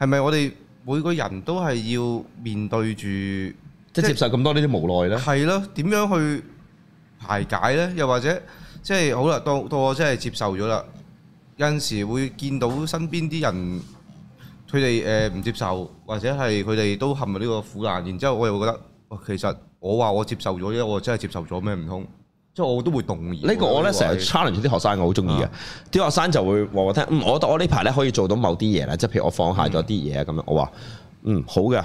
係咪我哋每個人都係要面對住，即係接受咁多呢啲無奈咧？係咯，點樣去排解咧？又或者即係好啦，到到我真係接受咗啦。有陣時會見到身邊啲人，佢哋誒唔接受，或者係佢哋都陷入呢個苦難，然之後我又會覺得，其實我話我接受咗，因為我真係接受咗咩唔通？即係我都會動搖，呢個我咧成日 challenge 啲學生，我好中意嘅。啲的學生就會話我聽，嗯，我我呢排咧可以做到某啲嘢啦，即係譬如我放下咗啲嘢啊咁樣。嗯、我話嗯好嘅，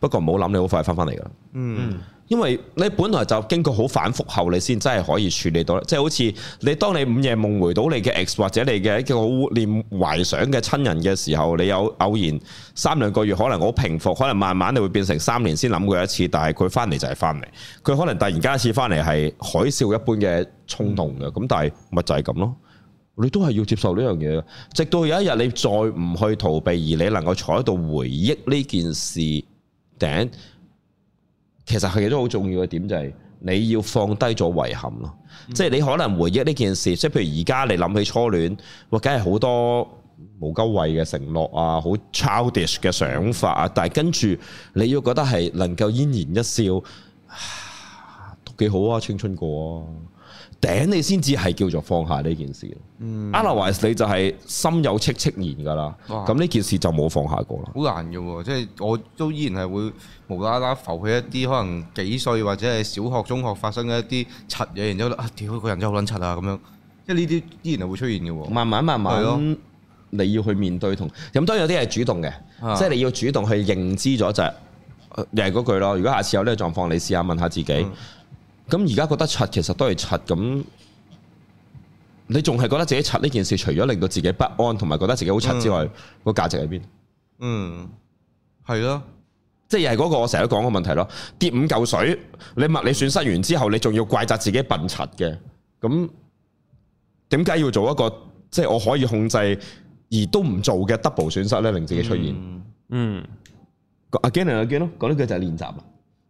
不過唔好諗，你好快翻翻嚟噶啦。嗯。嗯因為你本來就經過好反覆後，你先真係可以處理到咧。即係好似你當你午夜夢回到你嘅 ex 或者你嘅一個好念懷想嘅親人嘅時候，你有偶然三兩個月可能好平復，可能慢慢你會變成三年先諗過一次。但係佢翻嚟就係翻嚟，佢可能突然間一次翻嚟係海嘯一般嘅衝動嘅。咁但係咪就係咁咯？你都係要接受呢樣嘢，直到有一日你再唔去逃避，而你能夠坐喺度回憶呢件事頂。其實係亦都好重要嘅點，就係你要放低咗遺憾咯。嗯、即係你可能回憶呢件事，即係譬如而家你諗起初戀，或梗係好多無鳩謂嘅承諾啊，好 childish 嘅想法啊，但係跟住你要覺得係能夠嫣然一笑，都幾好啊，青春過啊！頂，你先至係叫做放下呢件事。嗯、otherwise 你就係心有戚戚然噶啦，咁呢哇件事就冇放下過啦。好難嘅，即係我都依然係會無啦啦浮起一啲可能幾歲或者係小學、中學發生嘅一啲柒嘢，然之後啊，屌，個人真係好撚柒啊，咁樣，即係呢啲依然係會出現嘅。慢慢慢慢的，你要去面對同，咁當然有啲係主動嘅，的即係你要主動去認知咗就係，又係嗰句咯。如果下次有呢個狀況，你試下問下自己。嗯咁而家覺得柒其實都係柒，咁你仲係覺得自己柒呢件事？除咗令到自己不安，同埋覺得自己好柒之外，個、嗯、價值喺邊？嗯，係咯，即係又係嗰個我成日都講個問題咯。跌五嚿水，你物理損失完之後，你仲要怪責自己笨柒嘅，咁點解要做一個即係、就是、我可以控制而都唔做嘅 double 損失咧，令自己出現？嗯，again and again 咯，講、嗯、呢句就係練習啦。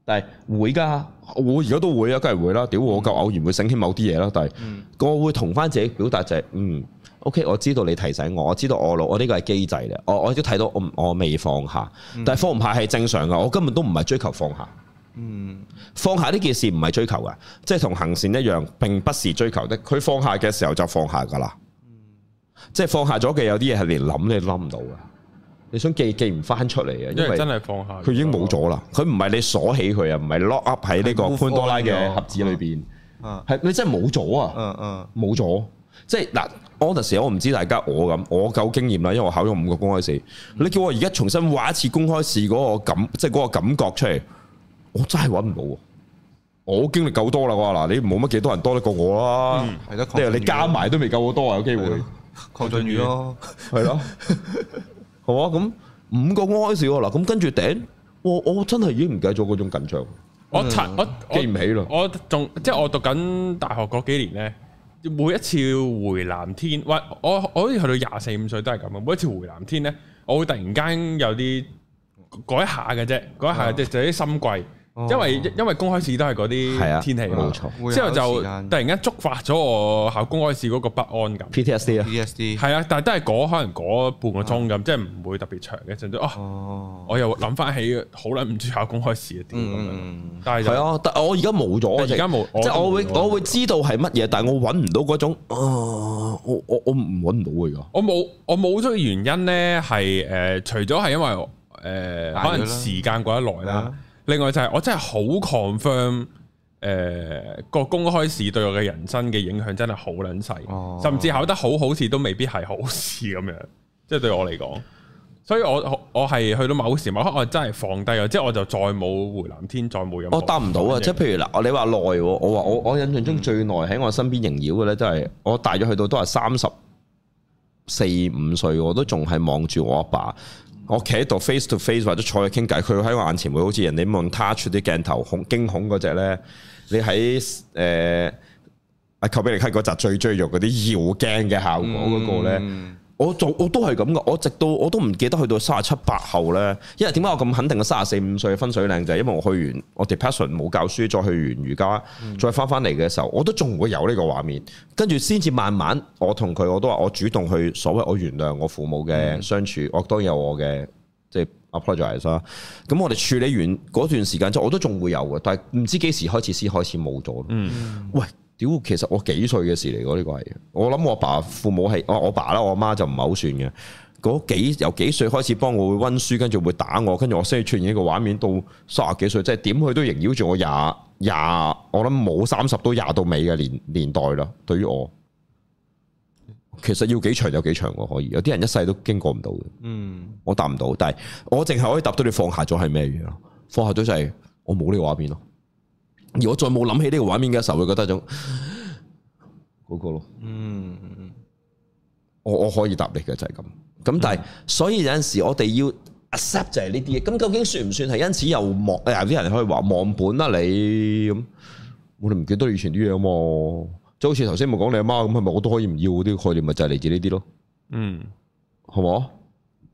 但係會噶，我而家都會啊，梗係會啦。屌，我偶然會醒起某啲嘢啦。但係我會同翻自己表達就係，嗯，OK，我知道你提醒我，我知道我老。我我呢個係機制咧。我我都睇到，我我未放下。但係放唔下係正常噶，我根本都唔係追求放下。嗯，放下呢件事唔係追求噶，即係同行善一樣，並不是追求的。佢放下嘅時候就放下噶啦。即係放下咗嘅有啲嘢係連諗都諗唔到啊。你想記記唔翻出嚟嘅，因為真係放下佢已經冇咗啦。佢唔係你鎖起佢啊，唔係 lock up 喺呢個潘多拉嘅盒子裏邊。係你真係冇咗啊！嗯嗯，冇咗。即係嗱，on the time 我唔知大家我咁，我夠經驗啦，因為我考咗五個公開試。你叫我而家重新畫一次公開試嗰個感，即係嗰個感覺出嚟，我真係揾唔到。我經歷夠多啦，嗱，你冇乜幾多人多得過我啦？嗯，係得。譬如你加埋都未夠我多啊，有機會。鄺俊宇咯，係咯。好啊，咁、哦、五個安開始喎啦，咁、嗯、跟住頂，我、哦、我真係已經唔記咗嗰種緊張。我擦、嗯，我記唔起啦。我仲即係我讀緊大學嗰幾年咧，每一次回南天，喂，我我好似去到廿四五歲都係咁啊。每一次回南天咧，我會突然間有啲改下嘅啫，改下即係啲心悸。嗯。因為因為公開試都係嗰啲天氣，冇錯、啊。錯之後就突然間觸發咗我考公開試嗰個不安感。P.T.S.D. PSD 係啊，但係都係、嗰個、可能嗰半個鐘咁，即係唔會特別長嘅，甚至哦、啊、我又諗翻起好耐唔知考公開試啊點咁樣。嗯、但係就係啊，我而家冇咗啊，即係是 我，我會我會知道係乜嘢，但係我搵唔到嗰種我我我唔搵唔到嘅。我冇我冇咗原因咧，係、呃、誒，除咗係因為誒、呃，可能時間過得耐啦。 *laughs* *laughs* 另外就係我真係好 confirm，誒個公開試對我嘅人生嘅影響真係好撚細，啊、甚至考得好好似都未必係好事咁樣，即 *laughs* 係對我嚟講，所以我我係去到某時某刻我真係放低咗，即係我就再冇回南天，再冇。我答唔到啊！即係譬如嗱，你話耐，我話我我印象中最耐喺我身邊營繞嘅咧，真係我大約去到都係三十四五歲，我都仲係望住我阿爸，爸。我企喺度 face to face 或者坐喺傾偈，佢喺我眼前會好似人哋望 o n t 啲鏡頭恐驚恐嗰隻咧，你喺誒阿寇比力克嗰集最最慾嗰啲搖鏡嘅效果嗰個咧。嗯我做我都係咁噶，我直到我都唔記得去到三十七八後呢。因為點解我咁肯定嘅三十四五歲嘅分水嶺就係、是、因為我去完我 depression 冇教書，再去完瑜伽，再翻翻嚟嘅時候，我都仲會有呢個畫面，跟住先至慢慢我同佢我都話我主動去所謂我原諒我父母嘅相處，我當然、嗯、有我嘅即係 apologize 啦。咁、就是、我哋處理完嗰段時間之後，我都仲會有嘅，但係唔知幾時開始先開始冇咗。嗯，喂。屌，其實我幾歲嘅事嚟、㗎？我呢個係，我諗我爸父母係我我爸啦，我媽就唔係好算嘅。嗰由幾歲開始幫我温書，跟住會打我，跟住我先出現呢個畫面。到卅幾歲，即係點佢都縈繞住我廿廿，我諗冇三十都廿到尾嘅年年代啦。對於我，其實要幾長有幾長喎？我可以有啲人一世都經過唔到嘅。嗯，我答唔到，但係我淨係可以答到你放下咗係咩嘢咯？放下咗就係我冇呢個畫面咯。而我再冇諗起呢個畫面嘅時候，會覺得一種嗰個咯。嗯，我我可以答你嘅就係、是、咁。咁但係、嗯、所以有陣時我哋要 accept 就係呢啲嘢。咁究竟算唔算係因此又忘？誒，有啲人可以話忘本啦、啊，你咁我哋唔記得以前啲嘢啊嘛。就好似頭先冇講你阿媽咁，係咪我都可以唔要嗰啲概念？咪就係、是、嚟自呢啲咯。嗯，係嘛？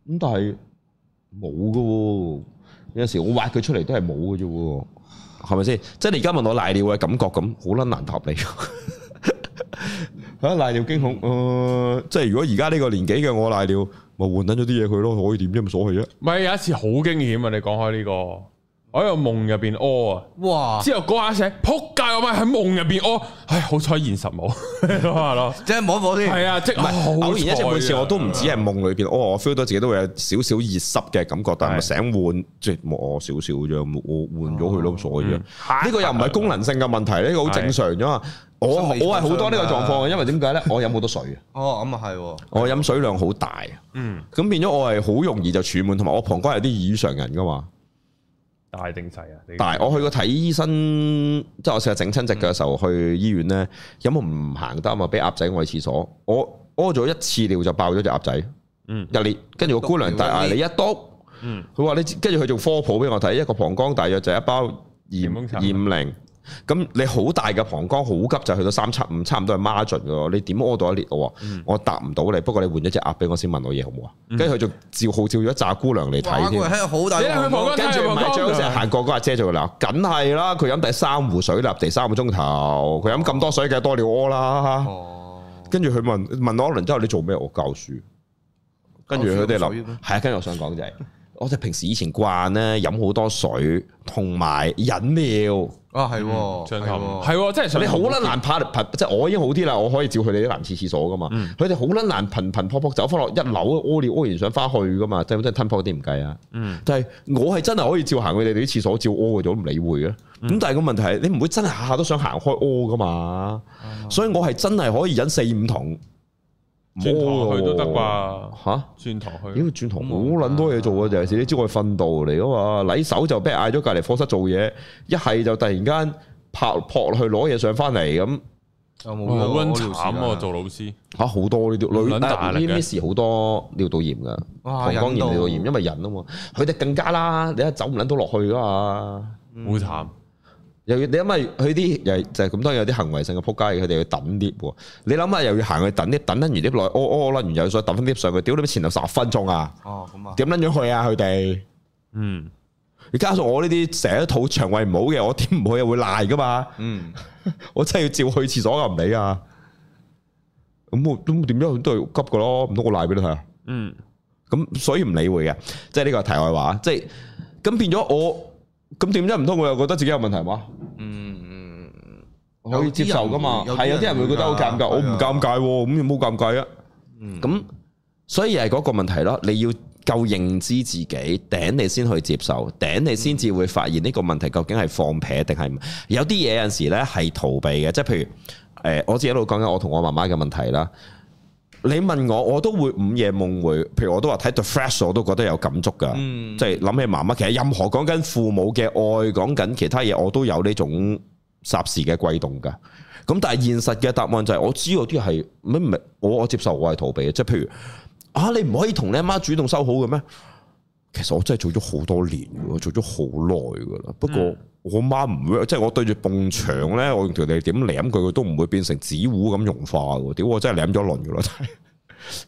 咁但係冇嘅。有陣時我挖佢出嚟都係冇嘅啫。係咪先？即係你而家問我瀨尿嘅感覺咁，好撚難答你。吓 *laughs* 瀨尿驚恐，呃、即係如果而家呢個年紀嘅我瀨尿，咪換翻咗啲嘢佢咯，可以點啫？冇所謂啫。唔係有一次好驚險啊！你講開呢個。我喺個夢入邊屙啊！哇！之後嗰下醒，扑街我咪喺夢入邊屙。唉，好彩現實冇，咯。即係冇冇啲，係啊，即係偶然一次，每次我都唔止係夢裏邊屙，我 feel 到自己都會有少少熱濕嘅感覺，但係醒換即係冇少少咁樣，換咗佢都傻嘅。呢個又唔係功能性嘅問題，呢個好正常啫嘛。我我係好多呢個狀況，因為點解咧？我飲好多水哦，咁啊係。我飲水量好大。嗯。咁變咗我係好容易就儲滿，同埋我膀胱係啲異常人噶嘛。大定細啊！但係我去過睇醫生，即係我成日整親隻腳嘅時候、嗯、去醫院咧，有冇唔行得啊？嘛，俾鴨仔我去廁所，我屙咗一次尿就爆咗隻鴨仔，嗯，入嚟，跟住個姑娘大嗌你一篤，嗯，佢話你跟住佢做科普俾我睇，一個膀胱大約就係一包鹽鹽靈。咁你好大嘅膀胱好急就去到三七五，差唔多係 margin 嘅喎，你點屙到一列喎？我、嗯、我答唔到你，不過你換咗隻鴨俾我先問我嘢好唔好啊？跟住佢就照好照咗扎姑娘嚟睇添，喺個好大，跟了住唔係張成日過嗰個姐就話：梗係啦，佢飲第三壺水立地三個鐘頭，佢飲咁多水梗係，多尿屙啦。跟住佢問問我一輪之後，你做咩？我教書，跟住佢哋諗，係啊，跟住我想講就係、是， *laughs* 我哋平時以前慣咧飲好多水同埋飲料。啊，係、哦，張琴、哦，係、嗯，即係其實你好撚難拍，嗯、即係我已經好啲啦，我可以照佢哋啲男廁廁所噶嘛，佢哋、嗯、好撚難頻頻撲撲走翻落一樓屙尿，屙完想翻去噶嘛，即係真係吞泡啲唔計啊，嗯、但係我係真係可以照行佢哋啲廁所照屙嘅，我都唔理會嘅，咁、嗯、但係個問題係你唔會真係下下都想行開屙噶嘛，嗯、所以我係真係可以忍四五桶。轉頭去都得啩？嚇？轉頭去？咦？轉頭冇捻多嘢做啊！就係你知道我早訓導嚟噶嘛，禮手就俾嗌咗隔籬課室做嘢，一係就突然間拍撲落去攞嘢上翻嚟咁。好撚慘啊！啊做老師嚇好、啊、多呢啲女大呢啲事好多尿道炎噶膀胱炎、尿道炎，因為人啊嘛，佢哋更加啦，你一走唔捻到落去噶嘛、啊，好慘、嗯。又要你諗下佢啲又就係咁多有啲行為性嘅仆街佢哋去等啲。你諗下又要行去等啲，等緊完啲耐屙屙啦，完又要再等翻啲上去，屌你咪前頭十分鐘啊！哦，咁、哦、啊，點、哦、撚樣去啊？佢哋嗯，你加上我呢啲成日都肚腸胃唔好嘅，我點唔去又會瀨噶嘛？嗯， *laughs* 我真係要照去廁所又唔理啊。咁我，我，我都點樣都係急噶咯，唔通我瀨俾你睇啊？嗯，咁所以唔理會嘅，即係呢個題外話。即係咁變咗我。咁點解，唔通我又覺得自己有問題嘛？嗯嗯，可以接受㗎嘛？係有啲人，人會覺得好尷尬，的我唔尷尬，咁又冇尷尬啊？咁所以係嗰個問題咯，你要夠認知自己頂你先去接受，頂你先至會發現呢個問題究竟係放屁定係有啲嘢，有陣時咧，係逃避嘅，即係譬如誒，我只係一路講緊我同我媽媽嘅問題啦。你問我，我都會午夜夢回。譬如我都話睇 The Flash，我都覺得有感觸噶，即係諗起媽媽。其實任何講緊父母嘅愛，講緊其他嘢，我都有呢種霎時嘅悸動噶。咁但係現實嘅答案就係，是，我知道啲係咩咩，我我接受，我係逃避。即係譬如啊，你唔可以同你阿媽主動修好嘅咩？其實我真係做咗好多年，我做咗好耐噶啦。不過，嗯我媽唔會，即係我對住埲牆咧，我用條脷點舐佢，佢都唔會變成紙糊咁融化嘅。屌，我真係舐咗輪嘅咯。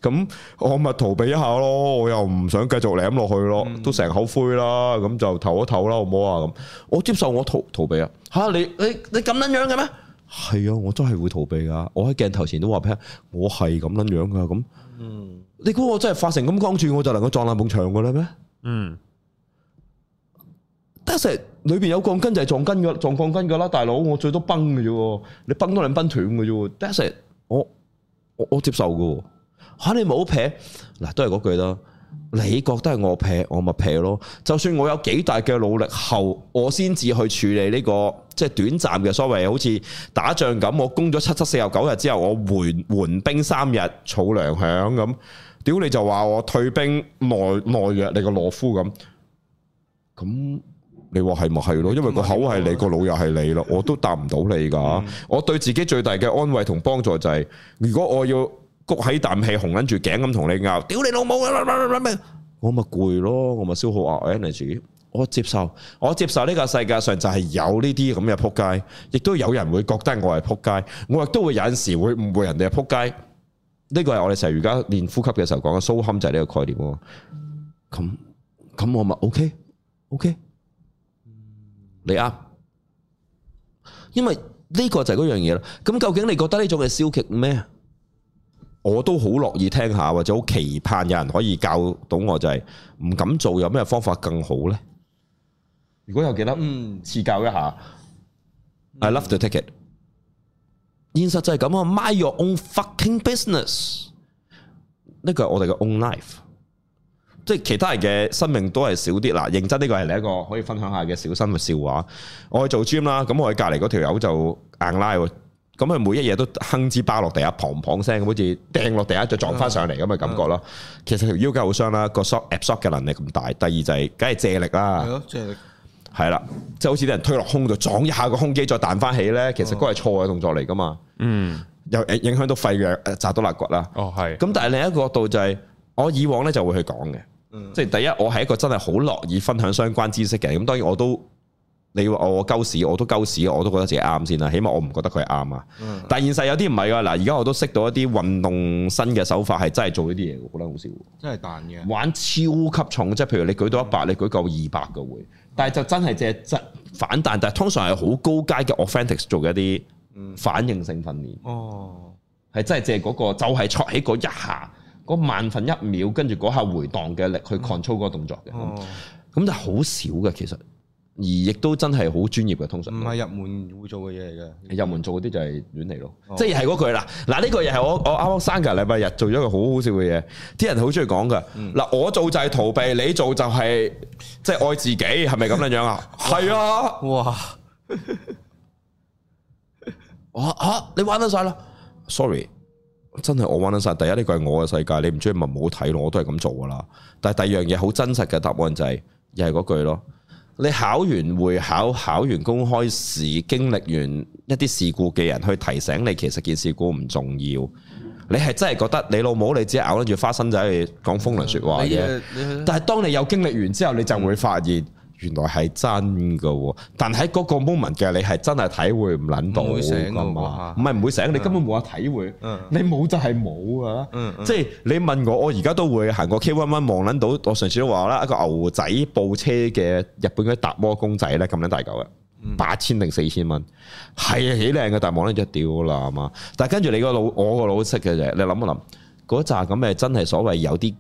咁 *laughs* 我咪逃避一下咯，我又唔想繼續舐落去咯，都成口灰啦。咁就唞一唞啦，好唔好啊？咁我接受我逃逃避啊。吓你你你咁撚樣嘅咩？係啊，我真係會逃避㗎。我喺鏡頭前都話俾，我係咁撚樣嘅咁。嗯，你估我真係發成咁光柱，我就能夠撞爛埲牆嘅咧咩？嗯。d a s h i 裡邊有鋼筋就係撞筋噶，撞鋼筋噶啦，大佬我最多崩嘅啫，你崩都兩崩斷嘅啫。d a s h i 我我我接受噶吓、啊，你冇劈嗱都係嗰句啦，你覺得係我劈我咪劈咯，就算我有幾大嘅努力後，我先至去處理呢、這個即係、就是、短暫嘅所謂，好似打仗咁，我攻咗七七四十九日之後，我緩緩兵三日，儲糧餉咁，屌你就話我退兵內內弱，你個懦夫咁咁。你話係咪係咯？因為個口係你，個腦又係你咯，我都答唔到你噶。我對自己最大嘅安慰同幫助就係，如果我要谷起啖氣，紅捻住頸咁同你拗，屌你老母！我咪攰咯，我咪消耗 energy。我接受，我接受呢個世界上就係有呢啲咁嘅撲街，亦都有人會覺得我係撲街，我亦都會有陣時會誤會人哋係撲街。呢個係我哋成日而家練呼吸嘅時候講嘅蘇堪就係呢個概念。咁咁我咪 ok，ok。你啱，因為呢個就係嗰樣嘢啦。咁究竟你覺得呢種係消極咩？我都好樂意聽下，或者好期盼有人可以教到我，就係唔敢做，有咩方法更好咧？如果有記得，嗯，賜教一下。I love the ticket。嗯。現實就係咁啊，Mind your own fucking business。呢個係我哋嘅 own life。即係其他人嘅生命都係少啲嗱，認真呢個係另一個可以分享下嘅小生活笑話。我去做 gym 啦，咁我喺隔離嗰條友就硬拉喎，咁佢每一嘢都哼支巴落地下，砰砰聲，好似掟落地下再撞翻上嚟咁嘅感覺咯。啊、其實條腰骨好傷啦，個 absorb 嘅能力咁大。第二就係、是，梗係借力啦，係咯、啊，借力係啦，即係好似啲人推落胸度撞一下個胸肌再彈翻起咧，其實都係錯嘅動作嚟噶嘛。啊、嗯，又影響到肺弱，砸到肋骨啦。哦，係。咁但係另一個角度就係、是，我以往咧就會去講嘅。嗯、即係第一，我係一個真係好樂意分享相關知識嘅。咁當然我都，你話我鳩屎我都鳩屎，我都覺得自己啱先啦。起碼我唔覺得佢係啱啊。嗯、但係現實有啲唔係噶。嗱，而家我都識到一啲運動新嘅手法，係真係做呢啲嘢，我覺得好少，真係彈嘅，玩超級重，即係譬如你舉到一百、嗯，你舉夠二百嘅會，但係就真係借質反彈。但係通常係好高階嘅 authentics 做嘅一啲反應性訓練、嗯。哦，係真係借嗰、嗰個，就係坐起嗰一下。嗰萬分一秒，跟住嗰下回盪嘅力去 control 嗰個動作嘅，咁就好少嘅其實，而亦都真係好專業嘅通常。唔係入門會做嘅嘢嚟嘅，入門做嗰啲就係亂嚟咯，哦、即係係嗰句啦。嗱，呢個又係我我啱啱星期日禮拜日做咗個好好笑嘅嘢，啲人好中意講㗎。嗱，我做就係逃避，你做就係即係愛自己，係咪咁樣哇啊？係哇 *laughs* 啊！哇、啊！我嚇你玩得晒啦！Sorry。真係我玩得晒，第一呢句係我嘅世界，你唔中意咪唔好睇咯，我都係咁做噶啦。但係第二樣嘢好真實嘅答案就係，又係嗰句咯。你考完會考，考完公開試，經歷完一啲事故嘅人去提醒你，其實件事故唔重要。你係真係覺得你老母，你只係咬得住花生仔去講風涼說話嘅。但係當你有經歷完之後，你就會發現。原來係真嘅喎，但喺嗰個 moment 嘅你係真係體會唔撚到噶嘛？唔係唔會醒，嗯、你根本冇有體會。嗯、你冇就係冇噶啦。嗯嗯、即係你問我，我而家都會行過 K One One 望撚到。我上次都話啦，一個牛仔布車嘅日本嘅達摩公仔咧，咁樣大嚿嘅，八千定四千蚊，係幾靚嘅，但望完就屌啦嘛。但係跟住你個腦，我個腦識嘅啫。你諗一諗，嗰扎咁嘅真係所謂有啲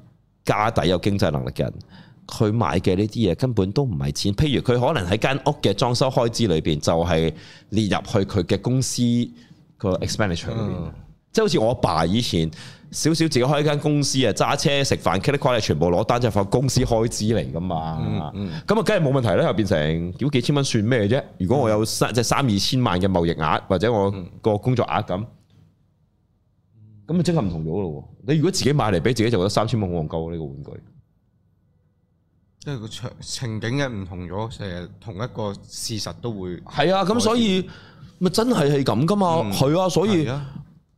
家底、有經濟能力嘅人。佢買嘅呢啲嘢根本都唔係錢，譬如佢可能喺間屋嘅裝修開支裏邊，就係、是、列入去佢嘅公司個 expenditure 裏邊，嗯、即係好似我爸以前少少自己開一間公司啊，揸車食飯，quality 全部攞單就係公司開支嚟噶嘛，咁啊梗係冇問題啦，又變成如幾千蚊算咩啫？如果我有三即係三二千萬嘅貿易額，或者我個工作額咁，咁啊、嗯、即係唔同咗咯。嗯、你如果自己買嚟俾自己，就覺得三千蚊好戇鳩呢個玩具。即係個場情景嘅唔同咗，成日同一個事實都會係啊！咁、嗯、所以咪真係係咁噶嘛？係、嗯、啊！所以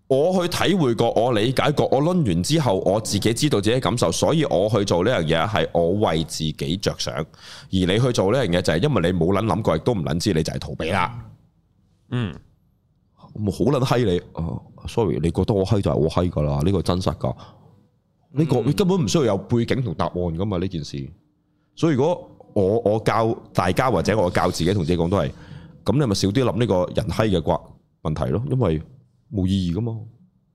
我去體會過，我理解過，我諗完之後，我自己知道自己感受，所以我去做呢樣嘢係我為自己着想。而你去做呢樣嘢就係因為你冇諗諗過，亦都唔諗知，你就係逃避啦。嗯，好捻嗨你哦、啊、！Sorry，你覺得我嗨就係我嗨噶啦，呢、這個真實噶，呢、這個你根本唔需要有背景同答案噶嘛，呢件事。所以如果我我教大家或者我教自己同自己講都係，咁你咪少啲諗呢個人閪嘅瓜問題咯，因為冇意義噶嘛，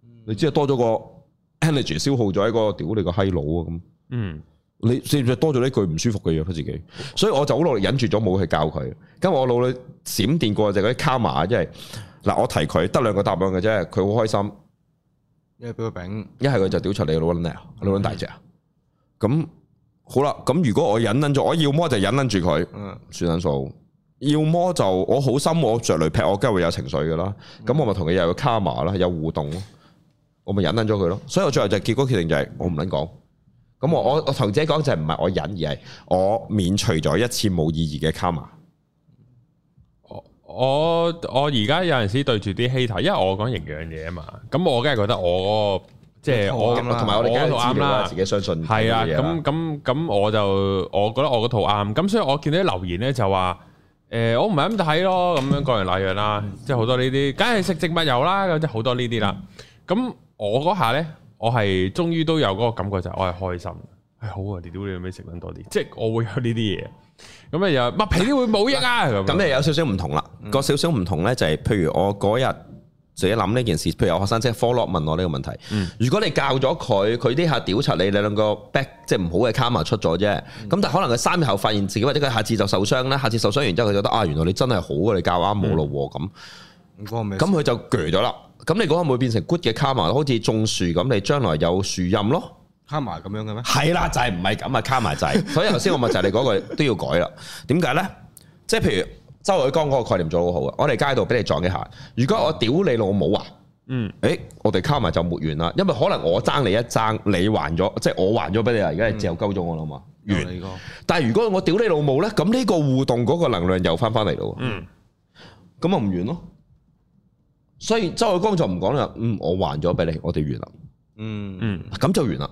嗯、你只係多咗個 energy 消耗咗一個屌你個閪佬啊咁，嗯，你算唔算多咗呢句唔舒服嘅嘢咧自己？所以我就好努力忍住咗冇去教佢，咁我腦裏閃電過就嗰啲 karma 即係嗱我提佢得兩個答案嘅啫，佢好開心，一係俾個餅，一係佢就屌出你老卵嚟啊，老卵大隻啊，咁。好啦，咁如果我忍捻咗，我要麼就忍捻住佢，算捻數；嗯、要麼就我好心我着雷劈，我梗係會有情緒噶啦。咁、嗯、我咪同佢又有卡瑪啦，有互動咯，我咪忍捻咗佢咯。所以我最後就結果決定就係我唔捻講。咁我我同自己講講我頭先講就唔係我忍，而係我免除咗一次冇意義嘅卡瑪。我我我而家有陣時對住啲希提，因為我講營養嘢啊嘛，咁我梗係覺得我、那個。即係我哋嗰套啱啦，我自己相信係啊，咁咁咁我就我覺得我嗰套啱，咁所以我見到啲留言咧就話，誒我唔係咁睇咯，咁樣各人那樣啦，即係好多呢啲，梗係食植物油啦，即係好多呢啲啦。咁我嗰下咧，我係終於都有嗰個感覺就係我係開心。誒好啊，你都會有咩食品多啲，即係我會有呢啲嘢。咁啊又麥皮啲會冇益啊，咁誒有少少唔同啦，個少少唔同咧就係譬如我嗰日。自己諗呢件事，譬如有學生即係 follow 問我呢個問題。嗯、如果你教咗佢，佢呢下屌柒你，你兩個 back 即係唔好嘅 camera 出咗啫。咁、嗯、但係可能佢三日後發現自己，或者佢下次就受傷咧。下次受傷完之後佢就覺得啊，原來你真係好啊，你教啱冇咯咁。咁佢就鋸咗啦。咁你嗰個會唔會變成 good 嘅 camera？好似種樹咁，你將來有樹蔭咯。camera 咁樣嘅咩？係啦，就係唔係咁啊 camera 就係。 *laughs* 所以頭先我問就係你嗰句都要改啦。點解 *laughs* 呢？即、就、係、是、譬如。周海剛嗰個概念做得好好啊！我哋街度俾你撞一下，如果我屌你老母啊，嗯，誒，我哋卡埋就沒完啦，因為可能我爭你一爭，你還咗，即係我還咗俾你啊，而家又救咗我啦嘛，嗯、完。你但係如果我屌你老母咧，咁呢個互動嗰個能量又翻翻嚟咯，嗯，咁啊唔完咯。所以周海剛就唔講啦，嗯，我還咗俾你，我哋完啦，嗯嗯，咁、嗯、就完啦。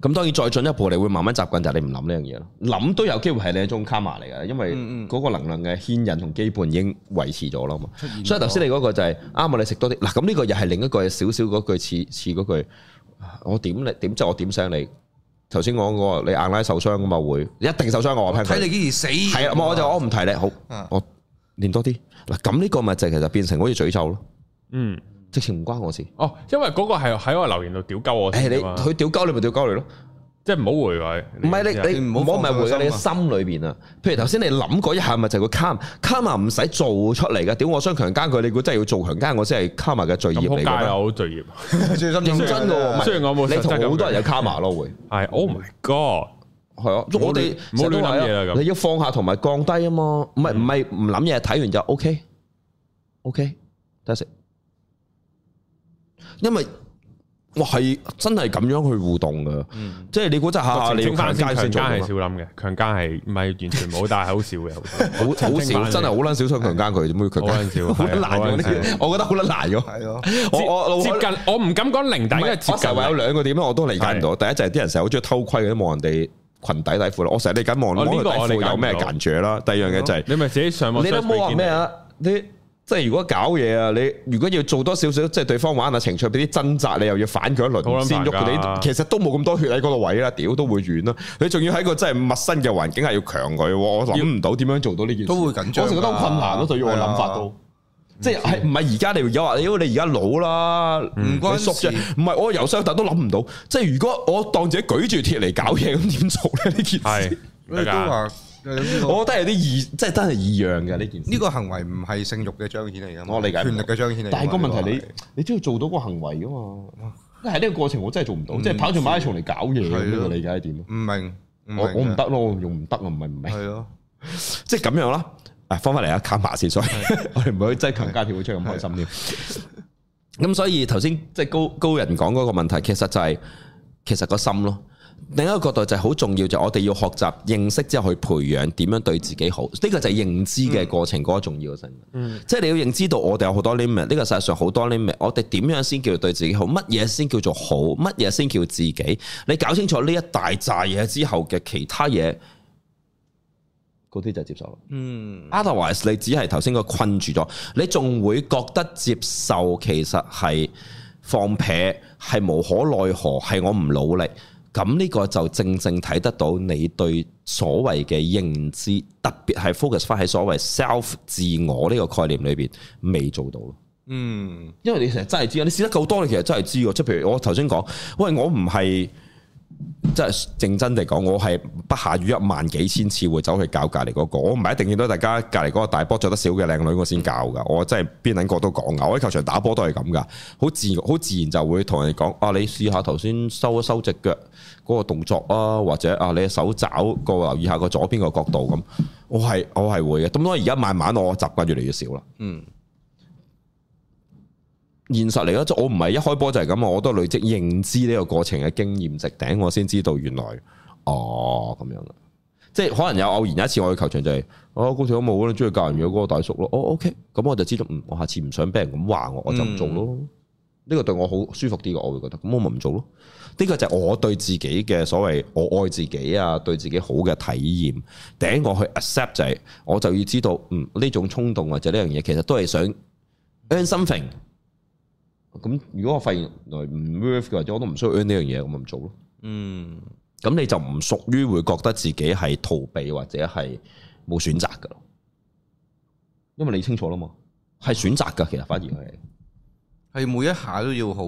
咁當然再進一步，你會慢慢習慣就係、是、你唔諗呢樣嘢咯。諗都有機會係你一種卡嘛嚟㗎，因為嗰個能量嘅牽引同基本已經維持咗啦嘛。所以頭先你嗰個就係、是、啱、嗯、啊！你食多啲嗱，咁呢個又係另一個少少嗰句似似嗰句，我點你點即係我點醒你？頭先講個你硬拉受傷㗎嘛，會一定受傷㗎嘛？睇你幾時死、嗯？係啊我就我唔提你，好、啊、我練多啲嗱，咁呢個咪就其實變成好似咀咒咯，嗯。直情唔關我事。哦，因為嗰個係喺我留言度屌鳩我。你佢屌鳩你咪屌鳩你咯，即係唔好回佢。唔係你你唔好唔係回啊，你心裏邊啊。譬如頭先你諗過一下，咪就個卡卡嘛唔使做出嚟噶。屌我想強奸佢，你估真係要做強奸我先係卡嘛嘅罪業嚟嘅咩？咁好大有罪孽，認真雖然我冇，你同好多人有卡嘛咯會。係。Oh my god！係啊，我哋唔好亂諗嘢，你要放下同埋降低啊嘛。唔係唔係唔諗嘢，睇完就 OK。OK，睇下先。因為我係真係咁樣去互動噶，即係你估真吓你強姦係少諗嘅，強姦係唔係完全冇，但係好少嘅，好少真係好捻少想強姦佢，點會強姦少？我覺得好捻難。我覺得好捻難係咯，我我接近我唔敢講零底，因為接近話有兩個點我都理解唔到。第一就係啲人成日好中意偷窺嘅，都望人哋裙底底褲咯。我成日你敢望我底褲有咩感覺啦？第二樣嘢就係你咪自己上網，你都冇話咩啊？你。即係如果搞嘢啊，你如果要做多少少，即係對方玩下情趣，俾啲掙扎，你又要反佢一輪先喐佢。你、啊、其實都冇咁多血喺嗰個位啦，屌都會軟啦。你仲要喺個真係陌生嘅環境係要強佢，我諗唔到點樣做到呢件事。都會緊張，啊我我，我成日覺得好困難咯。對於我諗法都，即係唔係而家你有話？因為你而家老啦，唔關縮著。唔係我由細到大都諗唔到。即係如果我當自己舉住鐵嚟搞嘢咁點做咧？呢件事，大家都話。我覺得係啲異，即係真係異樣嘅呢件。呢個行為唔係性慾嘅彰顯嚟嘅，我理解權力嘅彰顯嚟。但係個問題，你你都要做到個行為㗎嘛？喺呢個過程，我真係做唔到，即係跑住馬拉松嚟搞嘢咁。呢個理解係點？唔明，我唔得咯，用唔得啊，唔係唔明。係咯，即係咁樣啦。啊，翻翻嚟啊，卡埋先。所以我哋唔好真係強加條出咁開心添。咁所以頭先即係高高人講嗰個問題，其實就係其實個心咯。另一個角度就係好重要，就係、是、我哋要學習認識之後去培養點樣對自己好。呢、這個就係認知嘅過程嗰、嗯、個重要性。即係、嗯、你要認知到我哋有好多 limit。呢、這個世界上好多 limit，我哋點樣先叫對自己好？乜嘢先叫做好？乜嘢先叫自己？你搞清楚呢一大扎嘢之後嘅其他嘢，嗰啲、嗯、就接受。嗯，otherwise 你只係頭先個困住咗，你仲會覺得接受其實係放撇，係無可奈何，係我唔努力。咁呢個就正正睇得到你對所謂嘅認知，特別係 focus 翻喺所謂 self 自我呢個概念裏邊，未做到咯。嗯，因為你成日真係知啊，你試得夠多你，你其實真係知喎。即係譬如我頭先講，喂，我唔係。即係正真地講，我係不下於一萬幾千次會走去教隔籬嗰個，我唔係一定見到大家隔籬嗰個大波着得少嘅靚女我先教噶，我真係邊等個角都講噶，我喺球場打波都係咁噶，好自好自然就會同人哋講啊，你試下頭先收一收隻腳嗰個動作啊，或者啊你手爪個留意下個左邊個角度咁，我係我係會嘅，咁多而家慢慢我習慣越嚟越少啦，嗯。現實嚟咯，就我唔係一開波就係咁啊！我都累積認知呢個過程嘅經驗值。頂我先知道原來哦咁、啊、樣。即係可能有偶然有一次我去球場就係、是啊啊、哦，嗰條友冇咯，中意教人嘅嗰個大叔咯。哦，OK，咁我就知道，嗯，我下次唔想俾人咁話我，我就唔做咯。呢、嗯、個對我好舒服啲嘅，我會覺得，咁我咪唔做咯。呢、這個就我對自己嘅所謂我愛自己啊，對自己好嘅體驗，頂我去 accept 就係、是、我就要知道，嗯，呢種衝動或者呢樣嘢其實都係想 earn something。咁如果我發現來唔 worth 嘅，或者我都唔需要 earn 呢樣嘢，咁咪唔做咯。嗯，咁你就唔屬於會覺得自己係逃避或者係冇選擇噶，因為你清楚啦嘛，係選擇噶，其實反而係，係每一下都要好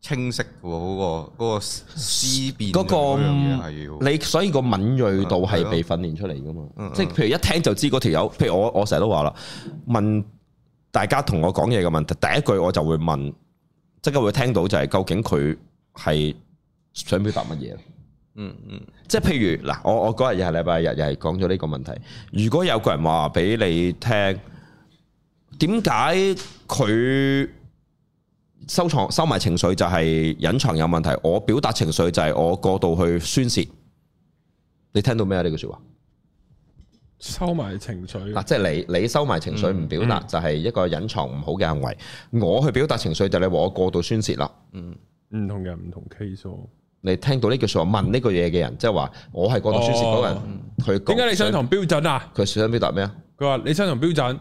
清晰嗰個嗰個思辨嗰、嗰個，你所以個敏鋭度係被訓練出嚟噶嘛，即係、嗯嗯嗯、譬如一聽就知嗰條友，譬如我我成日都話啦，問。大家同我講嘢嘅問題，第一句我就會問，即刻會聽到就係究竟佢係想表達乜嘢？ *laughs* 嗯嗯，即係譬如嗱，我我嗰日又係禮拜日，又係講咗呢個問題。如果有個人話俾你聽，點解佢收藏收埋情緒就係隱藏有問題？我表達情緒就係我過度去宣洩，你聽到咩呢句說話？這個說話收埋情緒嗱，即係你你收埋情緒唔表達，就係一個隱藏唔好嘅行為。嗯、我去表達情緒，就係你話我過度宣泄啦。嗯，唔同人唔同 case 你聽到呢句說話，問呢個嘢嘅人，即係話我係過度宣泄嗰個人佢。點解、哦、說你想同標準啊？佢想表達咩啊？佢話你想同標準，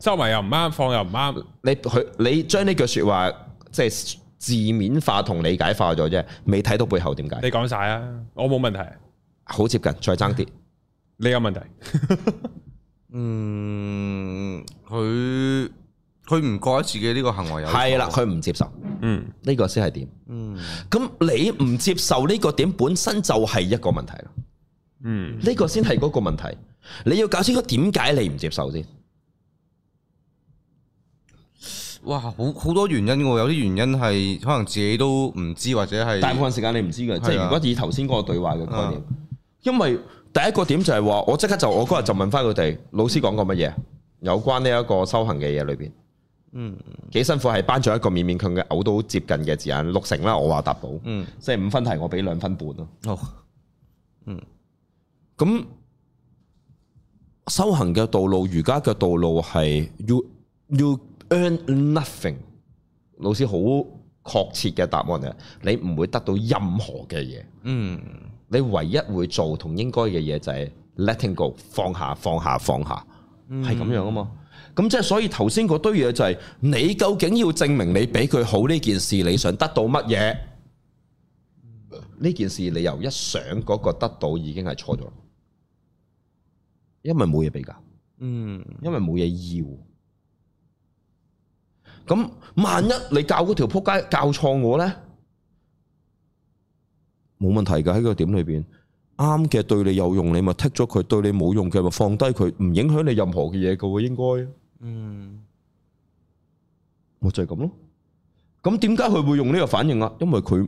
收埋又唔啱，放又唔啱。你佢你將呢句說話即係、就是、字面化同理解化咗啫，未睇到背後點解？你講晒啊，我冇問題。好接近，再爭啲。 *music* 你有問題？ *laughs* 嗯,佢佢唔覺得自己呢個行為有係啦，佢唔接受。嗯，呢個先係點？嗯，咁你唔接受呢個點本身就係一個問題啦。嗯，呢個先係嗰個問題。你要搞清楚點解你唔接受先？哇，好好多原因嘅，有啲原因係可能自己都唔知或者係大部分時間你唔知嘅，的即係如果以頭先嗰個對話嘅概念，啊、因為。第一個點就係話，我即刻就我嗰日就問翻佢哋，老師講過乜嘢？有關呢一個修行嘅嘢裏邊，嗯，幾辛苦係班長一個勉勉強嘅，嘔到接近嘅字眼，六成啦，我話答到，嗯，即係五分題我俾兩分半咯，啊哦。嗯，咁修行嘅道路，瑜伽嘅道路係 You you earn nothing。老師好確切嘅答案嘅，你唔會得到任何嘅嘢。嗯。你唯一會做同應該嘅嘢就係 letting go，放下放下放下，係咁、嗯、樣啊嘛。咁即係所以頭先嗰堆嘢就係，你究竟要證明你比佢好呢件事，你想得到乜嘢？呢、嗯、件事你由一想嗰、個得到已經係錯咗，因為冇嘢比較，嗯，因為冇嘢要。咁萬一你教嗰條撲街教錯我咧？冇問題嘅，喺個點裏邊，啱嘅，對你有用，你咪剔咗佢，對你冇用嘅，咪放低佢，唔影響你任何嘅嘢嘅，應該，嗯，咪就係咁咯。咁點解佢會用呢個反應啊？因為佢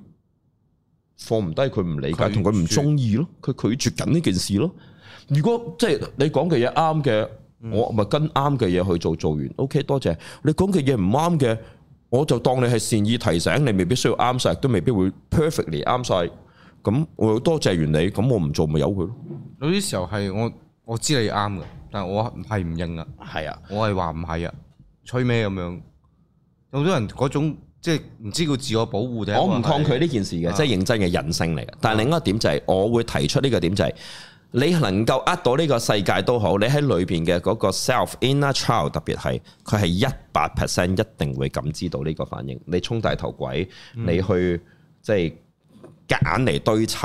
放唔低，佢唔理解，同佢唔中意咯，佢拒絕緊呢件事咯。如果即係你講嘅嘢啱嘅，我咪跟啱嘅嘢去做，做完，OK，多謝。你講嘅嘢唔啱嘅，我就當你係善意提醒，你未必需要啱晒，都未必會 perfectly 啱晒。咁我多謝完你，咁我唔做咪由佢咯，啊。有啲時候係我我知你啱嘅，但係我係唔認噶。係啊，我係話唔係啊，吹咩咁樣？好多人嗰種即係唔知叫自我保護定？我唔抗拒呢件事嘅，即係、啊、認真嘅人性嚟嘅。但係另一個點就係、是，我會提出呢個點就係、是，你能夠呃到呢個世界都好，你喺裏邊嘅嗰個 self inner child 特別係，佢係一百 percent 一定會感知到呢個反應。你衝大頭鬼，你去、嗯、即係。夾硬嚟，堆砌，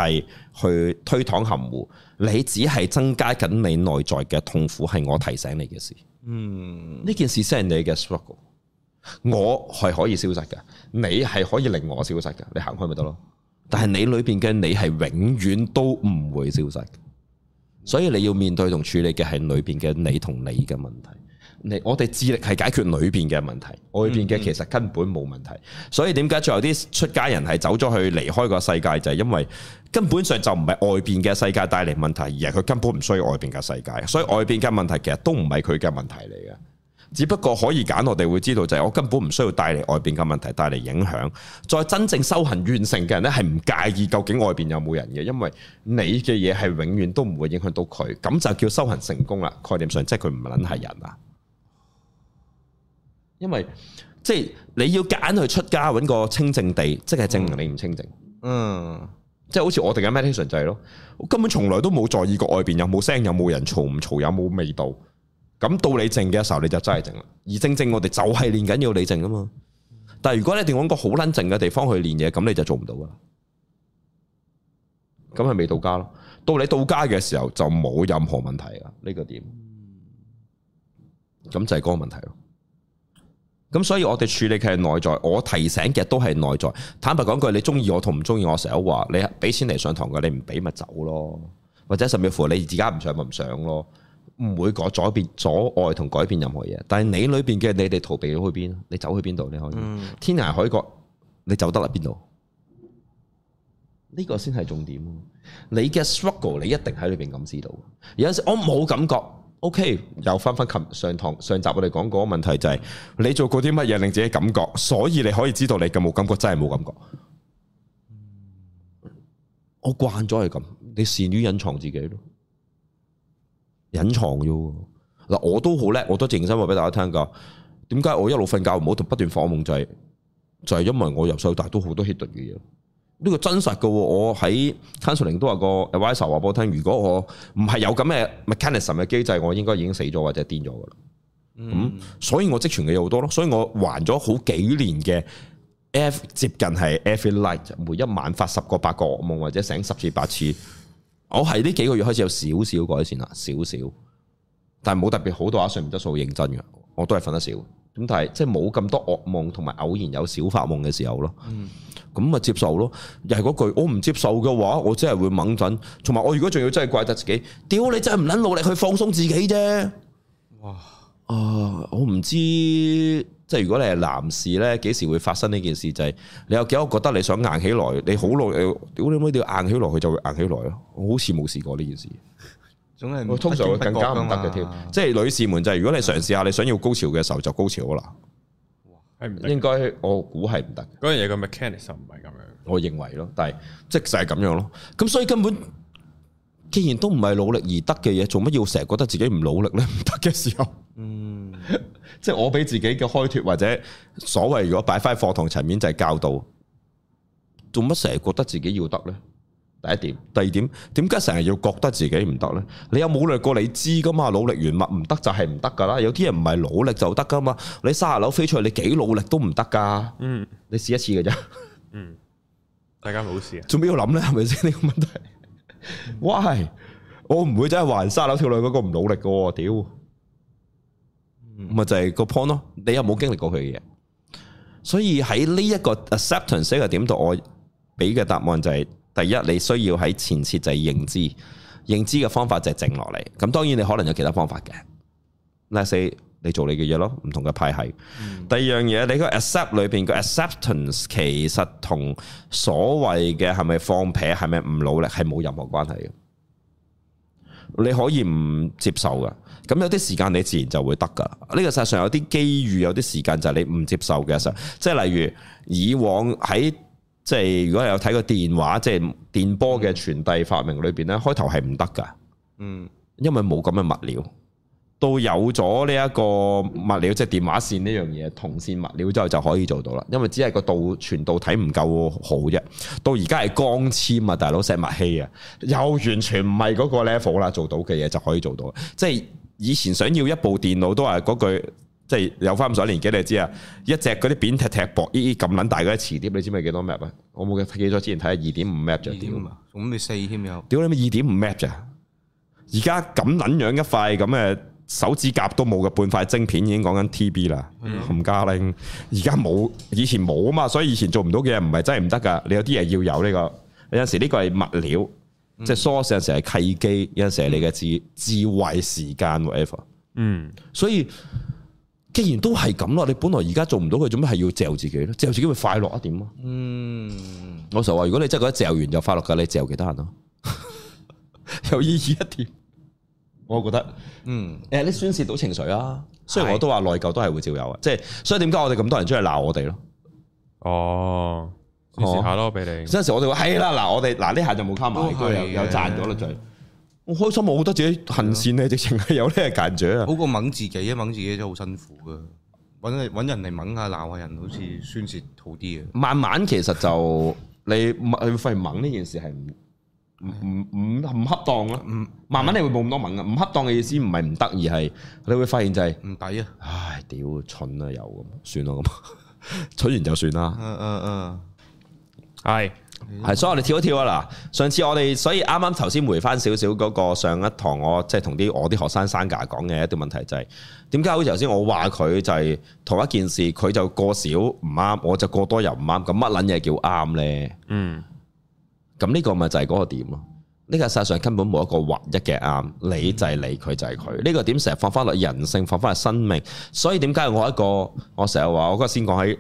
去推搪含糊，你只係增加緊你內在嘅痛苦，係我提醒你嘅事。嗯，呢件事先係你嘅 struggle，我係可以消失嘅，你係可以令我消失嘅，你行開咪得咯。但係你裏邊嘅你係永遠都唔會消失，所以你要面對同處理嘅係裏邊嘅你同你嘅問題。我哋智力係解決裏邊嘅問題，外邊嘅其實根本冇問題。嗯、所以點解最後啲出家人係走咗去離開個世界，就係、是、因為根本上就唔係外邊嘅世界帶嚟問題，而係佢根本唔需要外邊嘅世界。所以外邊嘅問題其實都唔係佢嘅問題嚟嘅，只不過可以揀。我哋會知道就係我根本唔需要帶嚟外邊嘅問題，帶嚟影響。再真正修行完成嘅人呢，係唔介意究竟外邊有冇人嘅，因為你嘅嘢係永遠都唔會影響到佢。咁就叫修行成功啦。概念上，即係佢唔撚係人啦。因為即係你要揀去出家揾個清淨地，即係證明你唔清淨。嗯，即係好似我哋嘅 meditation 就係、是、咯，根本從來都冇在意過外邊有冇聲，有冇人嘈唔嘈，有冇味道。咁到你靜嘅時候，你就真係靜啦。而正正我哋就係練緊要你靜啊嘛。但係如果你一定要揾個好捻靜嘅地方去練嘢，咁你就做唔到噶。咁係未到家咯。到你到家嘅時候，就冇任何問題啊。呢、這個點？咁、嗯、就係嗰個問題咯。咁所以，我哋處理嘅係內在，我提醒嘅都係內在。坦白講句，你中意我同唔中意我，成日話你俾錢嚟上堂嘅，你唔俾咪走咯。或者甚至乎你自己唔上咪唔上咯，唔會改阻別阻礙同改變任何嘢。但係你裏邊嘅你哋逃避咗去邊？你走去邊度？你可以、嗯、天涯海角，你走得落邊度？呢個先係重點。你嘅 struggle，你一定喺裏邊感知到。有時我冇感覺。OK，又翻翻琴上堂上集我哋講嗰個問題就係、是、你做過啲乜嘢令自己感覺，所以你可以知道你咁冇感覺真係冇感覺。嗯、我慣咗係咁，你善於隱藏自己咯，隱藏啫。嗱，我都好叻，我都淨身話俾大家聽噶。點解我一路瞓覺唔好不斷放夢仔？就係、是、因為我入修大都好多 hidden 嘅嘢。呢個真實嘅，我喺 counselling 都話個 adviser 話俾我聽，如果我唔係有咁嘅 mechanism 嘅機制，我應該已經死咗或者癲咗嘅啦。咁、嗯嗯、所以，我積存嘅有好多咯。所以我還咗好幾年嘅 every 接近係 every night，每一晚發十個八個惡夢或者醒十次八次。我係呢幾個月開始有少少改善啦，少少，但係冇特別好多話睡眠質素認真嘅，我都係瞓得少。咁但係即係冇咁多惡夢同埋偶然有小發夢嘅時候咯，咁咪接受咯。又係嗰句，我唔接受嘅話，我真係會掹緊。同埋我如果仲要真係怪責自己，屌你真係唔撚努力去放鬆自己啫。哇！啊，我唔知即係如果你係男士呢，幾時會發生呢件事？就係你有幾多覺得你想硬起來，你好耐屌你妹，屌硬起來佢就會硬起來咯。我好似冇試過呢件事。我通常會更加唔得嘅添，即係女士們就係，如果你嘗試下你想要高潮嘅時候就高潮啦，應該我估係唔得。嗰樣嘢個 mechanism 唔係咁樣，我認為咯，但係即係就係咁樣咯。咁所以根本既然都唔係努力而得嘅嘢，做乜要成日覺得自己唔努力咧？唔得嘅時候，嗯，即係我俾自己嘅開脫或者所謂如果擺翻喺課堂層面就係教導，做乜成日覺得自己要得咧？第一點，第二點，點解成日要覺得自己唔得呢？你有冇略過你知噶嘛？努力完物唔得就係唔得噶啦。有啲人唔係努力就得噶嘛。你三十樓飛出去，你幾努力都唔得噶。嗯，你試一次嘅啫、嗯。大家冇事啊。做咩要諗呢？係咪先呢個問題喂，嗯、Why？我唔會真係話人三十樓跳落嗰個唔努力噶、啊。屌、嗯，咪就係個 point 咯。你有冇經歷過佢嘅嘢？所以喺呢一個 acceptance 呢個點度，我俾嘅答案就係、是。第一，你需要喺前設就係認知，認知嘅方法就係靜落嚟。咁當然你可能有其他方法嘅。第四，你做你嘅嘢咯，唔同嘅派系。嗯、第二樣嘢，你個 accept 裏邊個 acceptance 其實同所謂嘅係咪放屁、係咪唔努力，係冇任何關係嘅。你可以唔接受噶，咁有啲時間你自然就會得噶。呢、這個事實上有啲機遇，有啲時間就係你唔接受嘅時候，即係例如以往喺。即係如果有睇過電話，即係電波嘅傳遞發明裏邊呢，開頭係唔得噶，嗯，因為冇咁嘅物料，到有咗呢一個物料，即係電話線呢樣嘢，同線物料之後就可以做到啦。因為只係個導傳導體唔夠好啫，到而家係光纖啊，大佬石墨烯啊，又完全唔係嗰個 level 啦，做到嘅嘢就可以做到。即係以前想要一部電腦都係嗰句。即係有翻咁上年紀，你知啊？一隻嗰啲扁踢踢薄依咁卵大嗰啲磁碟，你知咪幾多 Mbps？我冇記咗之前睇，下二點五 Mbps 嘛？咁你四添有？屌你咪二點五 Mbps 咋？而家咁卵樣，樣一塊咁嘅手指甲都冇嘅半塊晶片，已經講緊 TB 啦，冚家拎！而家冇，以前冇啊嘛，所以以前做唔到嘅嘢，唔係真係唔得噶。你有啲嘢要有呢、這個，有陣時呢個係物料，嗯、即係 sourcing，有陣時係契機，有陣時係你嘅智、嗯、智慧時間，whatever。嗯，所以。既然都係咁啦，你本來而家做唔到，佢做咩係要嚼自己咧？嚼自己會快樂一點咯？嗯，老實話，如果你真係覺得嚼完就快樂噶，你嚼其他人咯， *laughs* 有意義一點。我覺得，嗯，誒，你，你宣洩到情緒啦、啊。雖然我都話內疚都係會嚼嘅，即係對所以點解我哋咁多人出嚟鬧我哋咯？哦，下咯，俾你對。嗰陣時我哋話係啦，嗱，我哋嗱呢下就冇卡埋，都係有有賺咗嚟嘅。我開心，我覺得自己行善咧，的直情係有呢個感覺啊！好過掹自己啊，掹自己真係好辛苦噶，揾人揾人嚟掹下鬧下人好似宣洩好啲啊！慢慢其實就你 *laughs* 你會發現掹呢件事係唔唔唔唔恰當咯。慢慢你會冇咁多掹啊，唔恰當嘅意思唔係唔得，而係你會發現就係唔抵啊！唉，屌，蠢啊，又咁，算咯咁，蠢完就算啦。嗯嗯嗯，係、啊。啊係，所以我哋跳一跳啊！嗱，上次我哋所以啱啱頭先回翻少少嗰個上一堂我，就是、我即係同啲我啲學生生 g a 講嘅一啲問題就係、是，點解好似頭先我話佢就係同一件事，佢就過少唔啱，我就過多又唔啱，咁乜捻嘢叫啱咧？嗯，咁呢個咪就係嗰個點咯？呢、這個事實上根本冇一個唯一嘅啱，你就係你，佢就係佢。呢、這個點成日放翻落人性，放翻落生命，所以點解我一個我成日話，我嗰日先講喺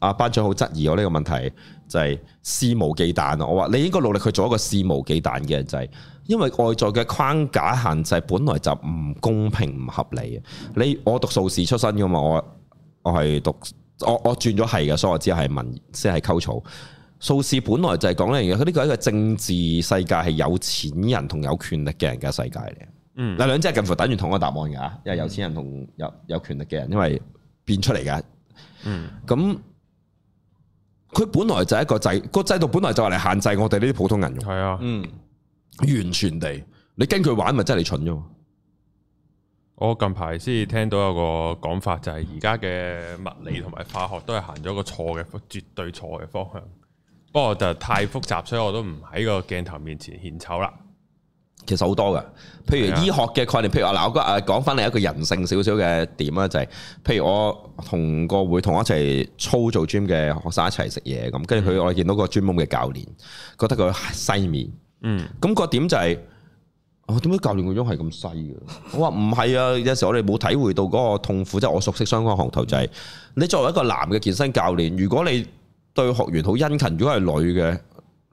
阿班長好質疑我呢個問題。就係肆無忌憚咯，我話你應該努力去做一個肆無忌憚嘅人就係，因為外在嘅框架限制本來就唔公平唔合理嘅。你我讀數字出身噶嘛，我我係讀我我轉咗係嘅，所以我之後係文即係溝草。數字本來就係講呢樣嘢，佢呢個係一個政治世界，係有錢人同有權力嘅人嘅世界嚟。嗯，嗱，兩者係近乎等於同一個答案噶，因為有錢人同有有權力嘅人，因為變出嚟嘅。嗯，咁。佢本來就係一個制，個制度本來就係嚟限制我哋呢啲普通人用。係啊，嗯，完全地，你跟佢玩咪真係你蠢啫。我近排先至聽到有個講法，就係而家嘅物理同埋化學都係行咗個錯嘅，絕對錯嘅方向。不過就太複雜，所以我都唔喺個鏡頭面前獻醜啦。其實好多嘅，譬如醫學嘅概念，是啊、譬如嗱，我講翻你一個人性少少嘅點啦，就係、是，譬如我同個會同一齊操做 gym 嘅學生一齊食嘢咁，跟住佢我見到個 gym 嘅教練覺得佢西面，嗯，咁個點就係、是，哦、 *laughs* 我點解教練個樣係咁細嘅？我話唔係啊，有陣時我哋冇體會到嗰個痛苦，即、就、係、是、我熟悉相關學徒。就係、是，你作為一個男嘅健身教練，如果你對學員好殷勤，如果係女嘅。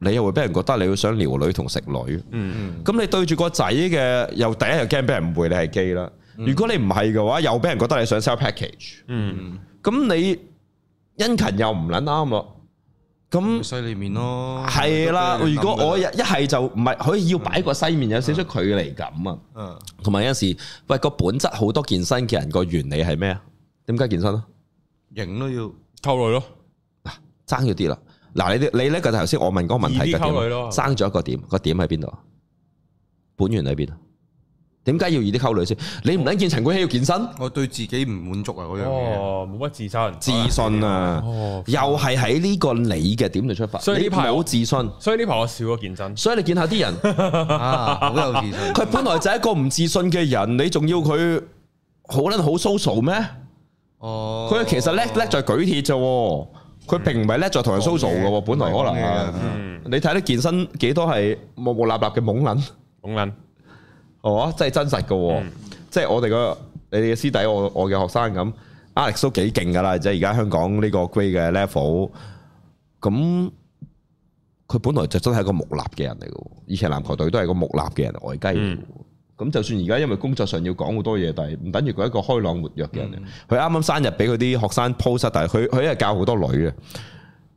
你又會俾人覺得你會想撩女同食女，嗯嗯，咁你對住個仔嘅又第一又驚俾人誤會你係 gay 啦。如果你唔係嘅話，又俾人覺得你想 sell package，嗯，咁你殷勤又唔撚啱咯，咁西面咯，係啦的。如果我一一係就唔係，可以要擺個西面有少少距離感啊，同埋、嗯嗯、有陣時，喂個本質好多健身嘅人個原理係咩啊？點解健身咯？型都要溝女咯，嗱，爭咗啲啦。嗱，你啲你咧？頭先我問嗰個問題，生咗一個點，個點喺邊度？本源喺邊，點解要易啲溝女先？你唔捻見陳冠希要健身？我對自己唔滿足啊，嗰樣嘢，冇乜自信，自信啊，又係喺呢個你嘅點度出發。所以呢排好自信，所以呢排我少咗健身。所以你見下啲人，好有自信。佢本來就係一個唔自信嘅人，你仲要佢好捻好 social 咩？哦，佢其實叻叻在舉鐵啫。佢、嗯、平唔係叻在同人 social 嘅喎，本來可能啊，你睇啲健身幾多係冇冇立立嘅懵捻，懵捻，係嘛？真係真實嘅，即係我哋個你哋嘅師弟，我我嘅學生咁、嗯、，Alex 都幾勁噶啦，即係而家香港呢個 grade 嘅 level，咁佢本來就真係個木立嘅人嚟嘅，以前籃球隊都係個木立嘅人，外雞。嗯咁就算而家，因為工作上要講好多嘢，但係唔等於佢一個開朗活躍嘅人。佢啱啱生日俾嗰啲學生 po 晒，但係佢佢係教好多女嘅，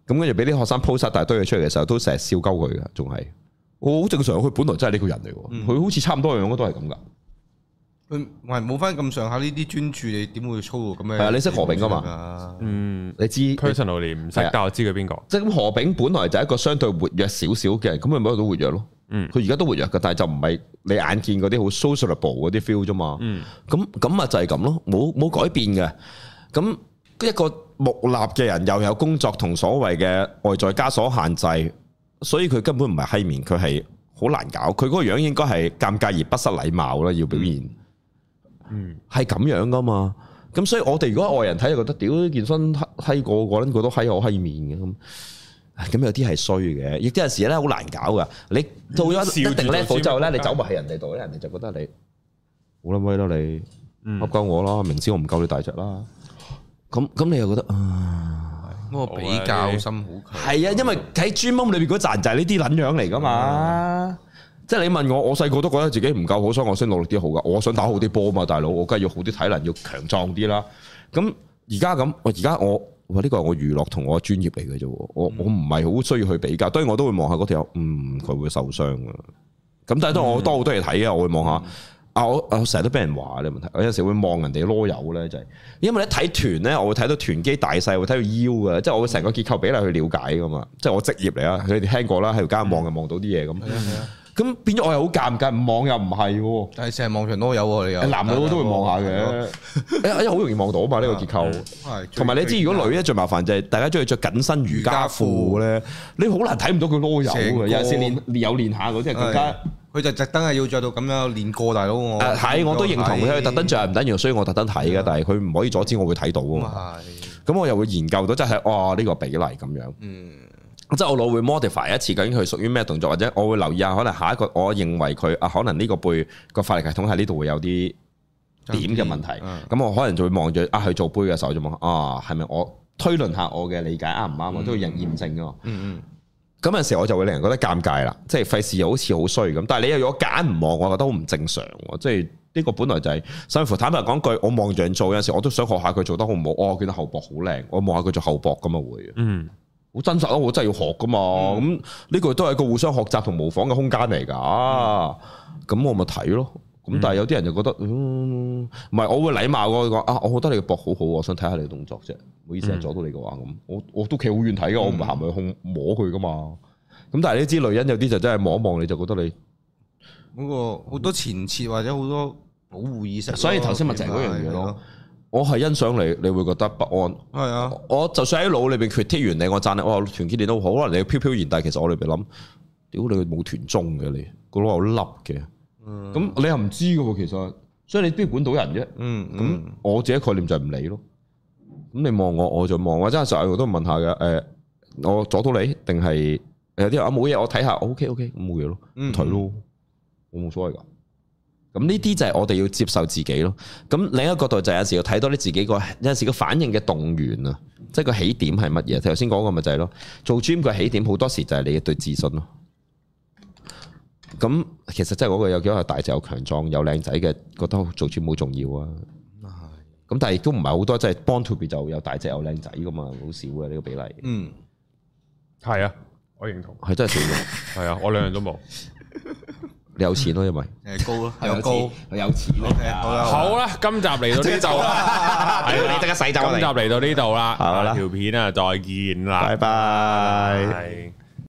咁跟住俾啲學生 po 晒，但係堆佢出嚟嘅時候，都成日笑鳩佢嘅，仲係，好、哦、正常。佢本來真係呢個人嚟，佢、嗯、好似差唔多樣都係咁噶。佢係冇翻咁上下呢啲專注，你點會操？到咁樣？你識何炳噶嘛？嗯，啊、你，嗯你知？personally 唔使教你，啊、知佢邊個。即係何炳本來就係一個相對活躍少少嘅人，咁咪冇得到活躍咯。佢而家都活躍嘅，但係就唔係你眼見嗰啲好 sociable 嗰啲 feel 啫嘛。嗯，咁咁啊就係咁咯，冇冇改變嘅。咁一個木訥嘅人又有工作同所謂嘅外在枷鎖限制，所以佢根本唔係黑面，佢係好難搞。佢嗰個樣應該係尷尬而不失禮貌啦，要表現。嗯，係、嗯、咁樣噶嘛。咁所以我哋如果外人睇就覺得，屌啲健身黑個個人都覺得好黑面嘅咁。咁有啲係衰嘅，亦都有時咧好難搞噶。你做咗一定咧，否咒咧，你走埋喺人哋度咧，嗯、人哋就覺得你好撚威咯，你唔吸鳩我啦，明知我唔夠你大隻啦。咁咁、嗯、你又覺得啊？我比較好吧心好，係啊，因為喺 gym 裡邊嗰啲就係呢啲卵樣嚟噶嘛。嗯、即係你問我，我細個都覺得自己唔夠好，所以我先努力啲好噶。我想打好啲波嘛，大佬，我梗係要好啲體能，要強壯啲啦。咁而家咁，我而家我。我話呢個我娛樂同我專業嚟嘅啫，我我唔係好需要去比較，當然我都會望下嗰條友，嗯，佢會受傷啊，咁但係當我很多好多嘢睇嘅，我會望下，啊我我成日都俾人話你問題，我，我有陣時會望人哋囉柚咧，就係、是、因為咧睇團咧，我會睇到團肌大細，會睇到腰嘅，即係我會成、e、個結構俾你去了解噶嘛，即係我職業嚟啊，你哋聽過啦，喺度間望就望到啲嘢咁。 *laughs* 咁變咗我又好尷尬，唔望又唔係喎，但係成日望長籮柚喎，你又男女都會望下嘅，因為好容易望到嘛呢個結構。同埋你知如果女咧最麻煩就係大家中意着緊身瑜伽褲咧，你好難睇唔到佢籮柚㗎。尤其有練下嗰啲，即係更加佢就特登係要着到咁樣練過大佬我。睇我都認同佢，特登着，唔等於，所以我特登睇嘅。但係佢唔可以阻止我會睇到啊嘛。係，咁我又會研究到就係哇呢個比例咁樣。嗯。即係我腦會 modify 一次，究竟佢屬於咩動作，或者我會留意下可能下一個我認為佢啊，可能呢個背個發力系統喺呢度會有啲點嘅問題。咁、嗯、我可能就會望住啊，佢做背嘅時候就望啊，係咪我推論下我嘅理解啱唔啱我都要人驗證噶、嗯。嗯嗯。咁有陣時我就會令人覺得尷尬啦，即係費事又好似好衰咁。但係你又有揀唔望，我覺得好唔正常。即係呢個本來就係、是，甚至乎坦白講句，我望住人做有陣時，我都想學下佢做得好唔好。我見到後膊好靚，我望下佢做後膊咁啊會。嗯。好真實咯，我真係要學噶嘛。咁呢個都係一個互相學習同模仿嘅空間嚟㗎。咁、嗯、我咪睇咯。咁但係有啲人就覺得，唔、嗯、係我會禮貌喎。你講啊，我覺得你嘅膊好好，我想睇下你嘅動作啫。唔好意思，阻到你嘅話咁，我我都企好遠睇嘅，嗯、我唔行埋去摸佢噶嘛。咁但係呢啲女人有啲就真係望一望你就覺得你嗰個好多前設或者好多保護意識。所以頭先咪就係嗰樣嘢咯。我係欣賞你，你會覺得不安。係啊，我就算喺腦裏邊決定完你，我贊你，我團結你都好，可能你飄飄然，但係其實我裏邊諗，屌你冇團忠嘅你，個腦有凹嘅。嗯，咁你又唔知嘅喎，其實，所以你邊管到人啫、嗯。嗯咁我自己概念就唔理咯。咁你望我，我就望。我真係成日都問下嘅。誒、欸，我阻到你定係有啲啊冇嘢？我睇下。O K O K，冇嘢咯。Okay, okay, 啊、嗯，睇咯。我冇所謂噶。咁呢啲就係我哋要接受自己咯。咁另一角度就有時要睇到你自己個有時個反應嘅動員啊，即係個起點係乜嘢？頭先講個咪就係咯，做 gym 個起點好多時就係你嘅對自信咯。咁其實即係嗰個有幾多大隻、有強壯、有靚仔嘅，覺得做 gym 好重要啊。咁但係亦都唔係好多，即係 born to be 就有大隻有、有靚仔噶嘛，好少嘅呢個比例啊。嗯，係啊，我認同。係真係少，係啊， *laughs* 我兩樣都冇。 *laughs* 你有錢咯，因為誒高咯，有高有錢咯，好啦，今集嚟到呢度啦，係啊，你即刻洗走，今集嚟到呢度啦，好啦，條片啊，再見啦，拜拜。